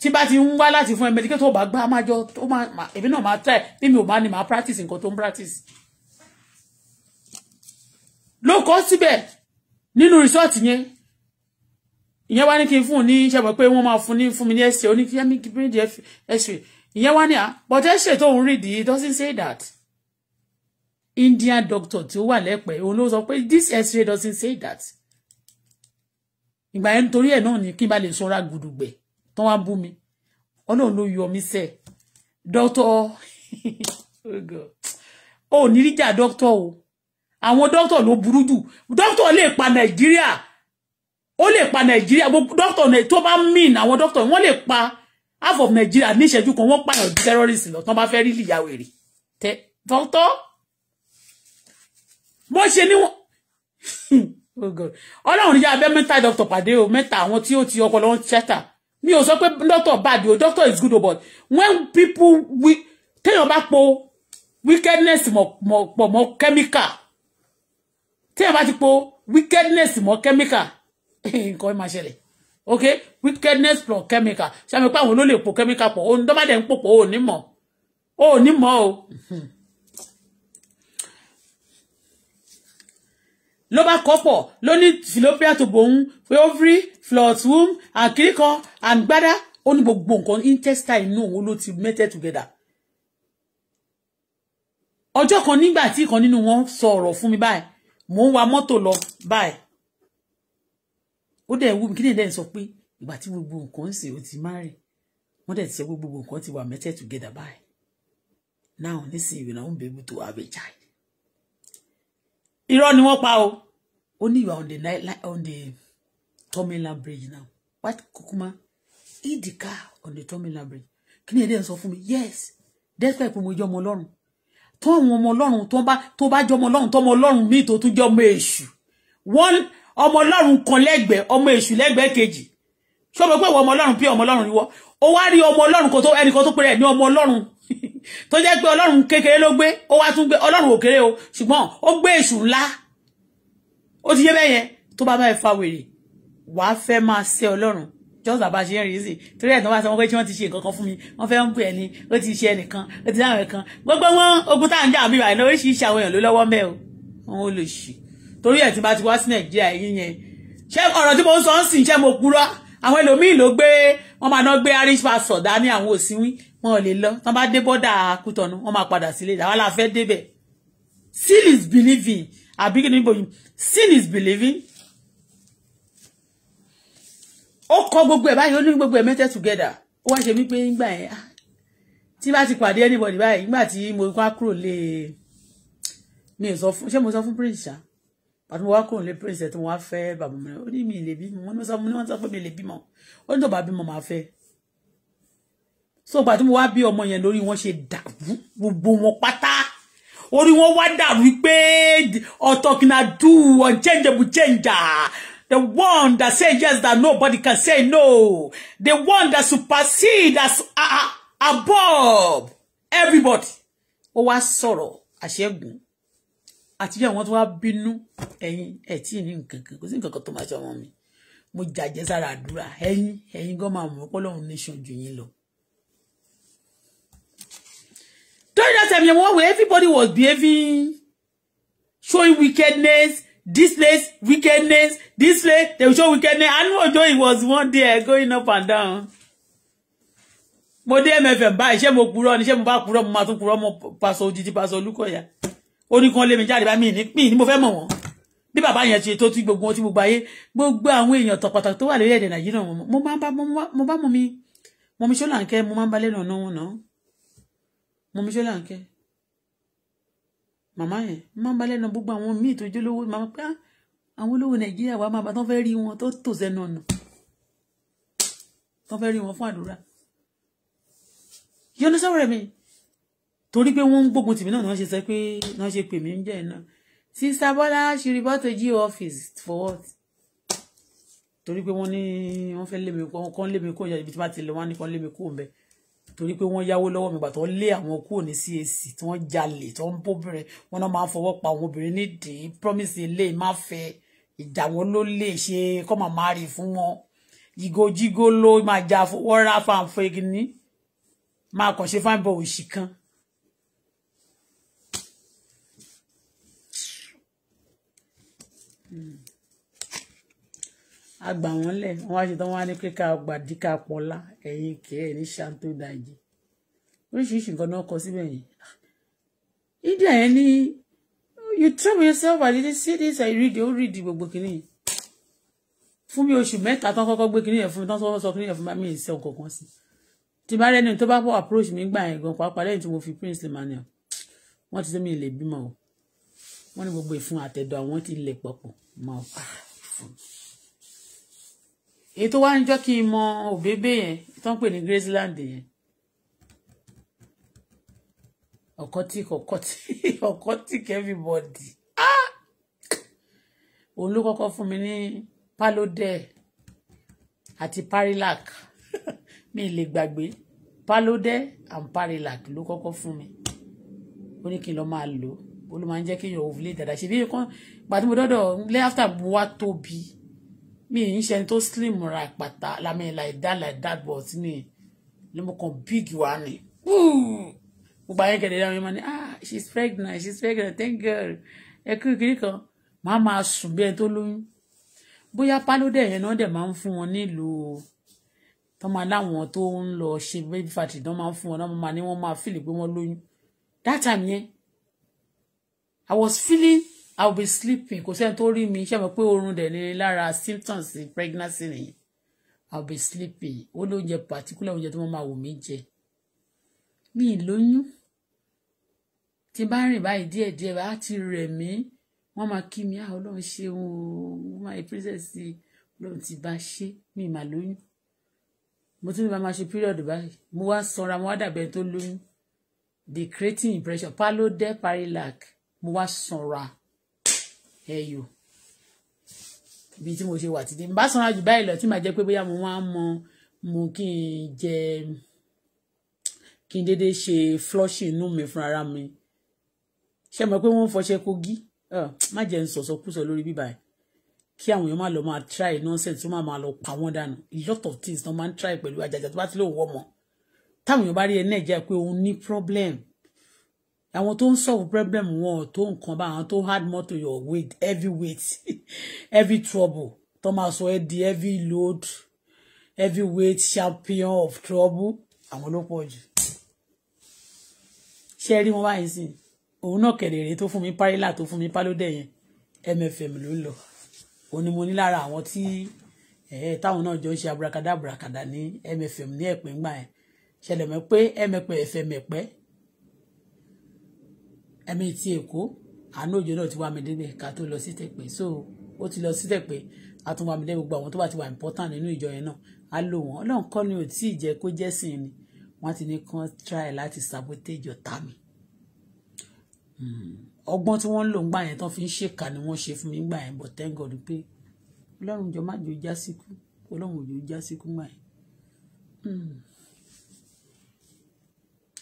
tí bá ti ń wá láti fún ẹ medical tó bá gbá máa jọ tó máa èmi náà practice nǹkan tó ń practice ló kọ́ síbẹ̀ nínú resort yẹn ìyẹn wá ní kí n fún un ní ṣe mọ̀ pé wọ́n máa fún ní fún mi ní ẹsẹ̀ oní kí mi bring the ẹsẹ̀ ìyẹn wá ní à ah, but ẹsẹ̀ tó ń read it doesn't say that Indian doctor tí ó wà lẹ́pẹ́ òun ló sọ pé this x-ray doesn't say that ìgbà yẹn nítorí ẹ̀ náà ni kí n bá lè sọ́ra gbùdùgbẹ̀ tó wá bú mi ọlọ́run ló yọ mí sẹ́ẹ̀ dọ́tọ̀ oh ò ní ríjà dọ́tọ̀ o àwọn dọ́tọ̀ ló burú jù dọ́tọ̀ lè pa Nàìjíríà ó lè pa nàìjíríà gbogbo dókítà tó bá mean àwọn dókítà wọ́n lè pa half of nàìjíríà ní ìṣẹ́jú kan wọ́n pààyàn terrorist lọ tán bá fẹ́ rí ìyá wèrè tẹ dókítà bó ṣe ní wọn oh ọlọ́run yá abẹ́ mẹ́ta dókítà pàdé o mẹ́ta àwọn tí ó ti ọpọlọ ń ṣẹ́ta mi ò sọ pé dókítà bad o dókítà is good o but when people we téèyàn bá po wickedness mọ̀ mọ̀ mọ̀ chemical téèyàn bá ti po wickedness mọ̀ chemical nǹkan máa ṣẹlẹ̀ ok wickedness plus chemical ṣàmì pé àwọn olólè po chemical pọ̀ òun dọ́mọdé ń pòpọ̀ ò ní mọ̀ ò ní mọ̀ o. ló bá kọ́pọ̀ ló ní fallopian tube òun pé ovary plus womb and kíríkan and gbádá ó ní gbogbo nǹkan intestine inú òun ló ti mẹ́tẹ̀ together ọjọ́ kan nígbà tí ìkan nínú wọn sọ ọ̀rọ̀ fún mi báyìí mò ń wa mọ́tò lọ báyìí ó dẹ̀ wú mi kí ni dẹ̀ sọ pé ìgbà tí gbogbo nǹkan ń sè ó ti marry wọ́n dẹ̀ ti sọ pé gbogbo nǹkan ti wà mẹ́tẹ̀ together báyìí now nísìnyí we now be able to have a child irọ́ ni wọ́n pa o ó ní ìwà on the night on the terminal bridge now what kukuma eat the car on the terminal bridge kí ni ẹ̀dẹ̀ ń sọ fún mi yes despite pé mo jẹ́ ọmọ ọlọ́run tó àwọn ọmọ ọlọ́run tó bá jẹ́ ọmọ ọlọ́run tó ọmọ ọlọ́run míì one ọmọ ọlọ́run kan lẹ́gbẹ̀ẹ́ ọmọ èṣù lẹ́gbẹ̀ẹ́ kejì ṣé o mọ̀ pé ìwọ ọmọ ọlọ́run bí ọmọ ọlọ́run ni wọ́ o wá rí ọmọ ọlọ́run kan tó ẹnìkan tó pèrè ní ọmọ ọlọ́run tó jẹ́ pé ọlọ́run kékeré ló gbé ó wá tún gbé ọlọ́run ò o ṣùgbọ́n ó gbé èṣù ńlá ó ti yé bẹ́ẹ̀ yẹn tó bá bá ẹ fa wèrè wàá fẹ́ máa ṣe ọlọ́run just àbá ṣe ń rìn sí torí ẹ̀ tó bá sọ wọn pé tí ti ṣe nǹkan kan fún mi wọ́n fẹ́ ń pè ẹ́ ní ó ti ṣe ẹnìkan ó ti dáhùn ẹ̀ kan gbogbo wọn ogun táwọn jà mí báyìí náà oríṣiríṣi àwọn èèyàn ló lọ́wọ́ mẹ́ o wọn ò lè ṣì torí ẹ̀ tí bá ti wá sí nàìjíríà yín yẹn ṣé ọ̀rọ̀ tí mo ń sọ ń sìn ṣé mo purọ́ àwọn ẹlòmíì ló gbé wọn máa ná gbé irish passport dání àwọn òsínwín wọn ò lè lọ tán bá dé bọ́dà kútọ̀nù wọn máa padà sílé àwọn aláfẹ́ débẹ̀ sin is believing àbí kí ni bòyí sin is believing ó kọ gbogbo ẹ̀ báyìí ó ní gbogbo ẹ̀ mẹ́tẹ̀ together ó wá ṣe wípé ńgbà yẹn ah, tí bá ti pàdé anybody báyìí nígbà tí mo wá kúrò lé e. mi ò sọ fún ṣé mo sọ fún prince ṣáá pàtó mo wá kúrò nílé prince tí mo wá fẹ́ bàbá mi ó ní mi lè bímọ mo ní wọ́n sọ pé mi lè bímọ ó ní tó bá bímọ màá fẹ́ so pàtó mo wá bí ọmọ yẹn lórí wọn ṣe dàrú gbogbo wọn pátá orí wọn wá dàrú pé ọ̀tọ̀kìnàdù unchangeable changer. The one that says yes that nobody can say no. The one that supersedes that's uh, above everybody. Ó wá sọ̀rọ̀ àṣẹ́gun àti àwọn tó wá bínú ẹ̀yin ẹ ní nǹkan kò sí nǹkan tó máa ṣe ọmọ mi mo jàjẹ sára àdúrà ẹ̀yin ẹ̀yin gan máa mọ ọpọlọrun nation jù yín lọ. during that time yẹn wọ́n wẹ̀ everybody was behaving showing wickedness this place wickedness this place they show wickedness I know he was one day going up and down. mo dé mfm báyìí ṣé mo purọ́ ni ṣé mo bá purọ́ mo máa tún purọ́ mo pàṣọ òjijì pàṣọ olúkọ̀yà ó ní kán lé mi jáde bá mi ní mo fẹ́ mọ̀ wọ́n bí bàbá yẹn ti tó tí gbogbo tí gbogbo ayé gbogbo àwọn èèyàn tọ̀pọ̀tọ̀ tó wà lórí èdè nàìjíríà mo máa ń bá mo bá mọ mi mọ mi ṣó làǹkẹ́ mo máa ń bá lẹ́nu ọ̀nà wọn náà mọ mi ṣó làǹkẹ́ màmá yẹn mo máa ń bá lẹ́nu gbogbo àwọn míì tó jó lówó màmá pé ah, àwọn olówó nàìjíríà wa máa bá tán fẹ́ rí wọn tó tò sẹ́nu ọ̀nà tán fẹ́ rí wọn fún àdúrà yọ́nú mi torí pé wọ́n ń gbógun tìmí náà náà ṣe sọ pé náà ṣe pè mí ń jẹ́ náà sista Bọ́lá she report to G office for what torí pé wọ́n ní wọ́n fẹ́ lémi kó kán lémi kó ìyá ibi tí wọ́n ti lè wọ́n á ní kán lémi kó mbẹ́ torí pé wọ́n yáwó lọ́wọ́ mi gbà tó lé àwọn kúrò ní CAC tí wọ́n jalè tó ń bóbìnrin wọn náà máa ń fọwọ́ pa àwọn obìnrin nídìí promise ilé má fẹ́ ìjà wọn ló lè ṣe kọ́ màmá rí fún wọn jìgòjìgò ló máa jà fọwọ́ ra fáǹfẹ́ ní máa kàn ṣe fáǹbọ̀ òṣì kan a gbà wọ́n lẹ̀ wọ́n wá ṣe tán wọ́n á ní pé ká gbàdí ká pọ̀lá ẹ̀yìn kẹ́ ẹ̀ ní ṣàǹtó dàjì oríṣiríṣi nǹkan náà kọ síbẹ̀ yìí india yẹn ní you trouble yourself i didn't see this i read ó read gbogbo kìíní fún mi oṣù mẹ́ta tán kọ́kọ́ gbé kìíní yẹn fún mi tán sọ́wọ́ sọ kìíní yẹn fún mi ìṣe ọkọ̀ kan sí tí bá rẹ́ni tó bá pọ̀ approach mi gbà yẹn gan pàápàá lẹ́yìn tí mo fi prince emmanuel wọ́n ti tó mi lè bímọ o wọ́n ní gbogbo ìfun àtẹ̀dọ̀ àwọn ti lè pọ̀pọ̀ mọ́ ọ́ fún mi èyí tó wá ń jọ́ kí n mọ òbébé yẹn tó ń pè ní Graceland yẹn ọ̀kọ́tì ọ̀kọ́tì ọ̀kọ́tì everybody ah! òun ló kọ́kọ́ fún mi ní Palodel àti Parilac mi lè gbàgbé Palodel and Parilac ló kọ́kọ́ fún mi ó ní kí n lọ máa lò ó ló máa ń jẹ́ kéèyàn ovulate dáadáa ṣe bí kan gbàdúgbò dọ́dọ̀ lẹ́yìn after mo wá tóbi mi ì ń ṣe ẹni tó slim ra pàtà lámì like that like that but ní ni mo kàn big wá ni gbogbo ayé kẹ̀dẹ̀ dáhùn yẹn máa ní ah she's pregnant she's pregnant thank God ẹ kú kiri kan màá máa sùn bí ẹni tó lóyún bóyá pálódé yẹn náà dẹ̀ máa ń fún wọn nílùú tọ́mọ aláwọn tó ń lọ ṣe baby fatty tán máa ń fún wọn náà máa ní wọ́n máa fìlì pé wọ́n lóyún that time yẹn I was feeling I'll be sleeping kò sẹ́ni tó rí mi ṣe mọ̀ pé oorun dẹ̀ ní lára symptoms pregnancy nìyí I'll be sleeping ó lóúnjẹ particular oúnjẹ tó máa wù mí jẹ mi lóyún tí bá rìn báyìí díẹ̀ díẹ̀ bá ti rẹ̀ mí wọ́n máa kí mi àwọn ah, ọlọ́run ṣe òun my princess ọlọ́run ti bá ṣe mi mà lóyún mo tún ní bá máa ṣe period báyìí mo wá sanra mo wá dàbẹ̀ tó lóyún the creating impression palo de parilac mo wá sanra ẹyọ ibi tí mo ṣe wà títí bá sanra jù báyìí lọ tí màá jẹ pé bóyá mo máa ń mọ mo kí n jẹ kí n dédé ṣe flushing inú mi fún ara mi ṣe mọ̀ pé wọ́n ń fọṣẹ kogi má jẹ́ ń sọ̀sọ̀ kúsọ̀ lórí bíbá ẹ̀ kí àwọn èèyàn máa lọ máa try nonsense tó máa máa lọ pa wọ́n dànù a lot of things tó máa ń try pẹ̀lú àjàjà tó bá ti lè wọ́ mọ́ táwọn èèyàn bá rí ẹ náà jẹ́ pé òun ní problem àwọn tó ń solve problem wọn tó nǹkan bá àwọn tó hard more to your weight heavy weight heavy trouble tó máa sọ ẹ di heavy load heavy weight champion of trouble àwọn ló pọ̀ jù ṣé ẹ rí wọn báyìí sìn òun náà kẹ̀lẹ̀rẹ̀ tó fún mi parila tó fún mi pálódé yẹn mfm ló ń lọ òun ni mo ní lára àwọn tí ẹ̀ẹ́ táwọn náà jọ ń ṣe abúrakadà abúrakadà ní mfm ní ẹ̀pẹ́ ńgbà yẹn ṣẹlẹ̀ mọ́ pé mfm ẹ̀pẹ́ ẹ̀mí ti èkó àánú òjò náà ti wá mi débẹ̀ ká tó lọ sí tẹ̀pẹ́ so ó ti lọ sí tẹ̀pẹ́ a tún wá mi débẹ̀ gbogbo àwọn tó bá ti wà important nínú ìjọ yẹn náà á lò wọ́n ọlọ́run kọ́ ni ò tí ì jẹ́ kó jẹ́ sìn ni wọ́n ti ní kán try láti sabotage ọ̀tá mi hmm. ọgbọ́n tí wọ́n ń lò ń gbà yẹn tán fi ń ṣèkà ni wọ́n ṣe fún mi gbà yẹn but thank God pé ọlọ́run jọ má jò já síkú ọlọ́run òjò já síkú gbà yẹn hmm.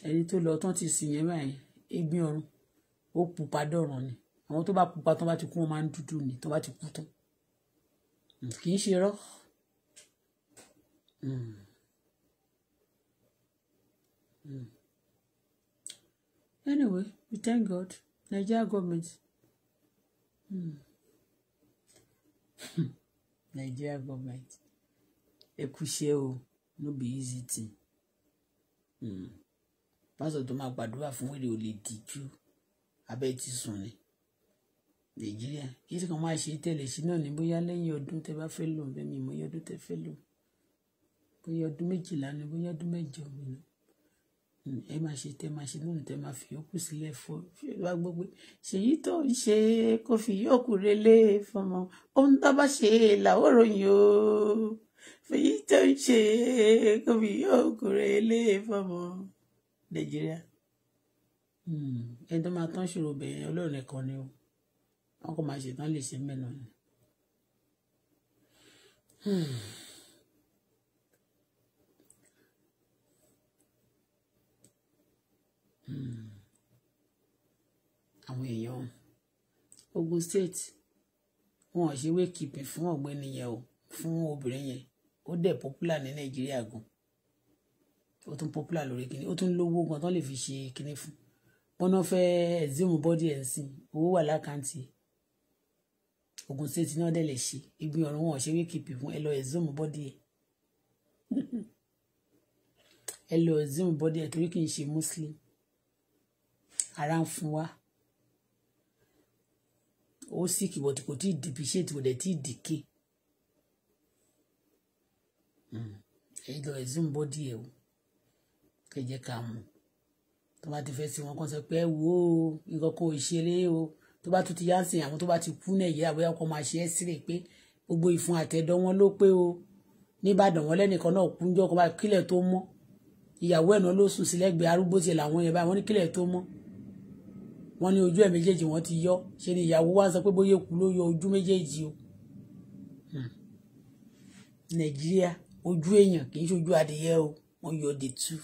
ẹni tó lọ tán ti sìn yẹn báyìí egbin ọrùn ó pupa dọ̀ràn ni àwọn tó bá pupa tán bá ti kú wọn máa ń dúdú ni tán bá ti kú tán hmm, kì í ṣe irọ́ hmm. Hmm. anyway we thank God Nigeria government mm. Nigeria government ẹ kú ṣe o no be easy thing mm. pásítọ̀ tó máa gbàdúrà fún wèrè ò lè díjú abẹ́ ti sùn ni nàìjíríà kí tí kan máa ṣe tẹ̀lé sí náà ní bóyá lẹ́yìn ọdún tẹ bá fẹ́ lò bẹ́ẹ̀ mi ìmọ̀ye ọdún tẹ fẹ́ lò bóyá ọdún méjìlá ni bóyá ọdún mẹ́jọ mi ni ẹ máa ṣe tẹ máa ṣe lónìí tẹ máa fi yòókù sílẹ̀ fún wa gbogbo ṣèyí tó ń ṣe kó fi yòókù relé fọmọ ohun tó bá ṣe làwọn ròyìn o ṣèyí tó ń ṣe kó fi yòókù relé fọmọ nàìjíríà. Hmm, ẹni tó máa tán ṣòro bẹ̀rẹ̀ ọlọ́run ẹ̀kan ni o wọn kò máa ṣètàn lè ṣe mẹ́nu ni. Hmm. Hmm. àwọn èèyàn Ogun State wọn ò ṣe wékìpì fún ọ̀gbẹ́ni yẹn o fún obìnrin yẹn ó dẹ̀ popular ní Nàìjíríà gan ó tún popular lórí kíní ó tún lówó gan tán lè fi ṣe kíní fún wọn náà fẹ́ ẹ̀zímù bọ́dí ẹ̀ sí owó wà lákàntì Ogun State náà dẹ̀ lè ṣe ìgbìn ọ̀run wọn ṣe wíkìpì fún ẹ lọ ẹ̀zímù bọ́dí ẹ̀ ẹ lọ ẹ̀zímù bọ́dí ẹ̀ torí kì í ṣe muslim ara ń fún wa ó sì kìbọ̀ tí kò tí ì dìbì ṣé tí kò dẹ̀ tí ì dìke hmm. ẹ lọ ẹ̀zímù bọ́dí o kẹjẹ ká mú tó bá ti fẹ́ sí wọn kan sọ pé wo nǹkan kan ìṣeré o tó bá tún ti yá sí àwọn tó bá ti kú nàìjíríà bóyá ọkọ máa ṣe é sílẹ̀ pé gbogbo ìfun àtẹ̀dọ̀ wọn ló pé o níbàdàn wọn lẹ́nìkan náà kú níjọ́ kan báyìí kílẹ̀ tó mọ́ ìyàwó ẹ̀ náà ló sùn sí lẹ́gbẹ̀ẹ́ arúgbó tiẹ̀ làwọn yẹn báyìí wọ́n ní kílẹ̀ tó mọ́ wọ́n ní ojú ẹ̀ méjèèjì wọ́n ti yọ ṣe ni ìyàwó wa ń sọ pé bóyá kú ló yọ ojú méjèèjì o hmm. nàìjíríà ojú èèyàn kì í ṣojú adìyẹ o wọ́n yọ dètú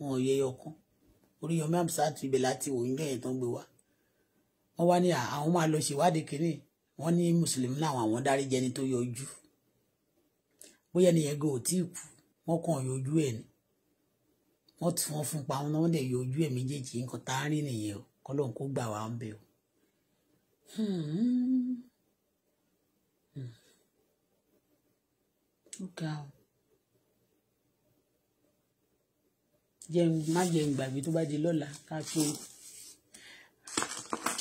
wọ́n yọ ẹyọ kan Oríyọmí Amsat ibẹ̀ láti wò níbẹ̀ yẹn tó ń gbé wa wọ́n wá ní àwọn máa lọ ṣèwádìí kínní wọ́n ní mùsùlùmí làwọn àwọn dárí jẹni tó yọjú bóyá ẹni yẹn gan ò tí ì kú wọ́n kàn yọjú ẹ̀ ni wọ́n ti wọ́n fún pa wọn náà wọ́n dẹ̀ yọjú ẹ̀ méjèèjì nǹkan tá a rí nìyẹn o kọ́lọ́n kó gbà wá ń bẹ̀ o. Hmm. Hmm. ó ga o. jẹ́ má jẹ́ ìgbàgbé tó bá di lọ́la ká pé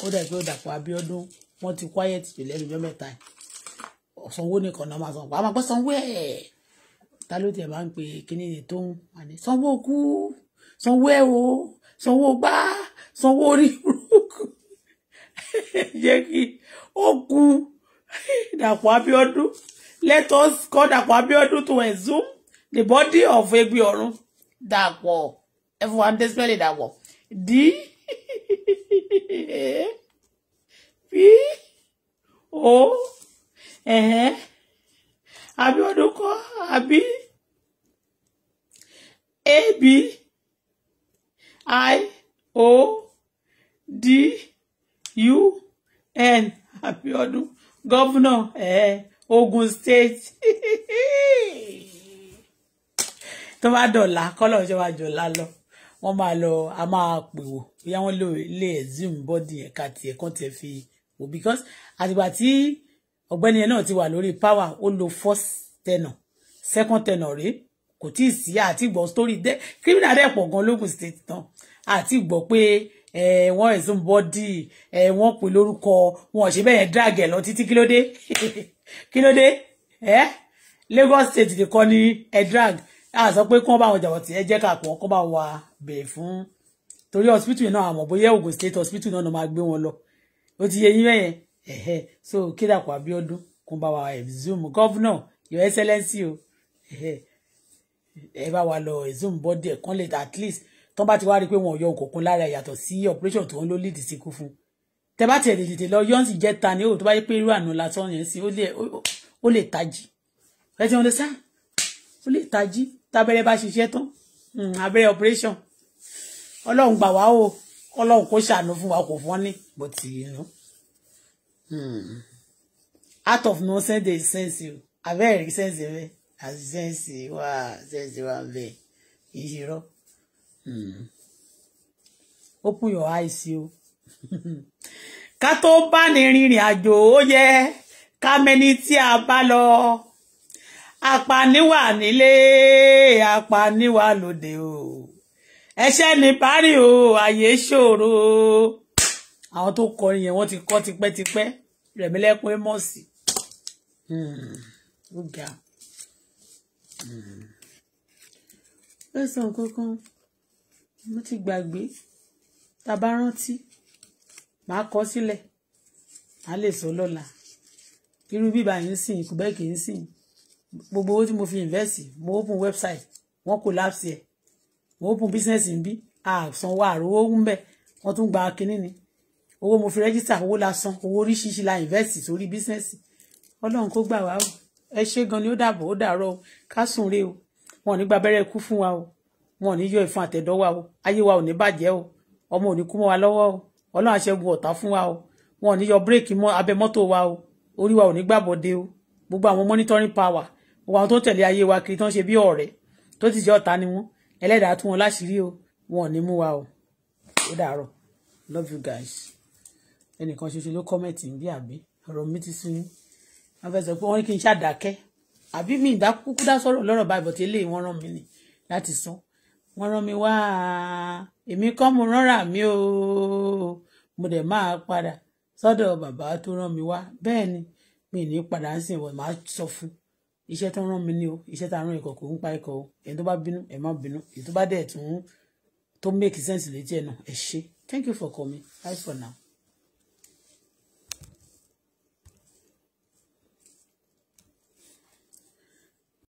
ó dà pé ó Dàpọ̀ Abíọ́dún wọ́n ti quiet jù lẹ́nu ọjọ́ mẹ́ta Sanwó nìkan náà máa sọ pé a máa gbọ́ Sanwó ẹ̀ ta ló tiẹ̀ máa ń pe kíní ni tó ń wà ní Sanwó kú Sanwó ẹ̀ o Sanwó gbá Sanwó orí burúkú jẹ́ kí ó kú Dàpọ̀ Abíọ́dún let us call Dàpọ̀ Abíọ́dún to exhume the body of Egbiorun. That Dàpọ̀ everyone dey spell it Dàpọ̀ D P O eh. àbí ọdún Abi A B I O D U N àbí Governor eh ẹ̀ Ogun State. tó bá dọ̀la kọ́lọ̀ ṣe wá jọ̀la lọ wọ́n máa lọ a máa pè wò bóyá wọ́n lè zoom bọ́ọ̀dì yẹn tiẹ̀ kàn tiẹ̀ fi wò because àtìgbà tí ọ̀gbẹ́ni yẹn náà ti wà lórí power ó lo first tenor second tenor rèé kò tí ì sí àti gbọ́ story dé criminal dẹ̀ pọ̀ gan lókun state tán àti gbọ́ pé wọ́n ẹ̀sùn bọ́dì wọ́n pè lórúkọ wọn ò ṣe bẹ́ẹ̀ yẹn drag ẹ̀ lọ títí kí ló dé kí ló dé Lagos state ti kọ́ ní ẹ̀ drag a sọ pé kí wọ́n bá wọn jàwọ̀ tí ẹ jẹ́ ká pọ̀ kó bá wa bẹ̀ fún torí hospital náà àmọ̀ bóyá Ògùn state hospital náà máa gbé wọn lọ ó ti yẹ yín mẹ́yẹn ẹ̀hẹ́ so Kídàpọ̀ Abíọ́dún kó bá wa exhume governor your excellency o ẹ̀hẹ́ ẹ bá wa lọ exhume body ẹ̀ lè at least tó bá ti wá rí i pé wọn ò yọ òkòkun lára ẹ̀ sí operation tó ń lò lead sí kú fún tẹ bá tiẹ̀ tètè lọ yọ́ǹsì jẹ́ ta ni ó tó bá yẹ pé irú àná lásán yẹn sí ó lè tají ẹ ti wọn lè sá ó lè tají tábẹ́rẹ́ bá ṣiṣẹ́ tán hmm, abẹ́rẹ́ operation ọlọ́run gbà wá o ọlọ́run kò ṣàánú fún wa kò fọ́n ní but you know out of nonsense dey sense you abẹ́rẹ́ sense rẹ̀ àti sense wà sense wà bẹ́ẹ̀ ìṣirọ́ hmm. open your eyes o ká tó bá ní rìnrìn àjò ó yẹ ká mẹni tí a bá lọ apaniwà nílé apaniwà lóde o ẹ̀ṣẹ̀ ní parí o àyè ṣòro àwọn tó kọrin yẹn wọ́n ti kọ tipẹ́tipẹ́ Rẹ̀mílẹ́kún Émọ̀sì hmm, ó ga ó hmm. sọ kankan mo ti gbàgbé tá a bá rántí màá kọ sílẹ̀ a lè sọ lọ́la irú bíbá yìí ń sìn kùbẹ́ẹ̀kì ń sìn gbogbo owó tí mo fi invest mo open website wọ́n collapse ẹ̀ mo open business ń bí àsanwó àròwó ń bẹ̀ wọ́n tún gba kínní ni owó mo fi register owó lásán owó oríṣiríṣi la invest sórí business ọlọ́run kó gbà wá o ẹ ṣé gan ni ó dàbọ̀ ó dàárọ̀ o ká sùn re o wọn ò ní gba abẹ́rẹ́ ikú fún wa o wọn ò ní yọ ìfun àtẹ̀dọ́ wa o ayé wa ò ní bàjẹ́ o ọmọ ò ní kú mọ́ wa lọ́wọ́ o ọlọ́run àṣẹgun ọ̀tá fún wa o wọn ò ní yọ bírèkì abẹ mọ́tò wa o orí wa ò ní gbàbọ̀dé o gbogbo àwọn monitoring power wọn tó tẹ̀lé ayé wa kiri tán ṣe bí ọ̀rẹ́ tó ti jẹ́ ọ̀tá ni wọ́n ẹlẹ́dàá tún wọn láṣìírí o wọn ò ní mú wa o ó dàárọ̀ love you guys ẹnìkan ṣoṣo ló kọ́mẹ̀tì bí àbí ọ̀rọ̀ mi ti sinmi wọ́n fẹ́ sọ pé wọ́n ní kí n ṣàdákẹ́ àbí mi ìdá kúkú dá sọ̀rọ̀ lọ́rọ̀ báyìí bọ̀tí eléyìí wọ́n rán mi ni láti sán wọ́n rán mi wá èmi kọ́ mo rán rà mí o mo dẹ̀ máa padà sọ́dọ̀ bàbá tó rán mi wá bẹ́ẹ̀ ni mi ní padà ń sìn wọ́n máa sọ fún iṣẹ́ tó ń rán mi ní o iṣẹ́ tá rán ikọ̀ kò ń pa ikọ̀ o ẹni tó bá bínú ẹ má bínú èyí tó bá dẹ̀ tún tó make sense létí ẹ̀ náà ẹ ṣe thank you for coming bye for now.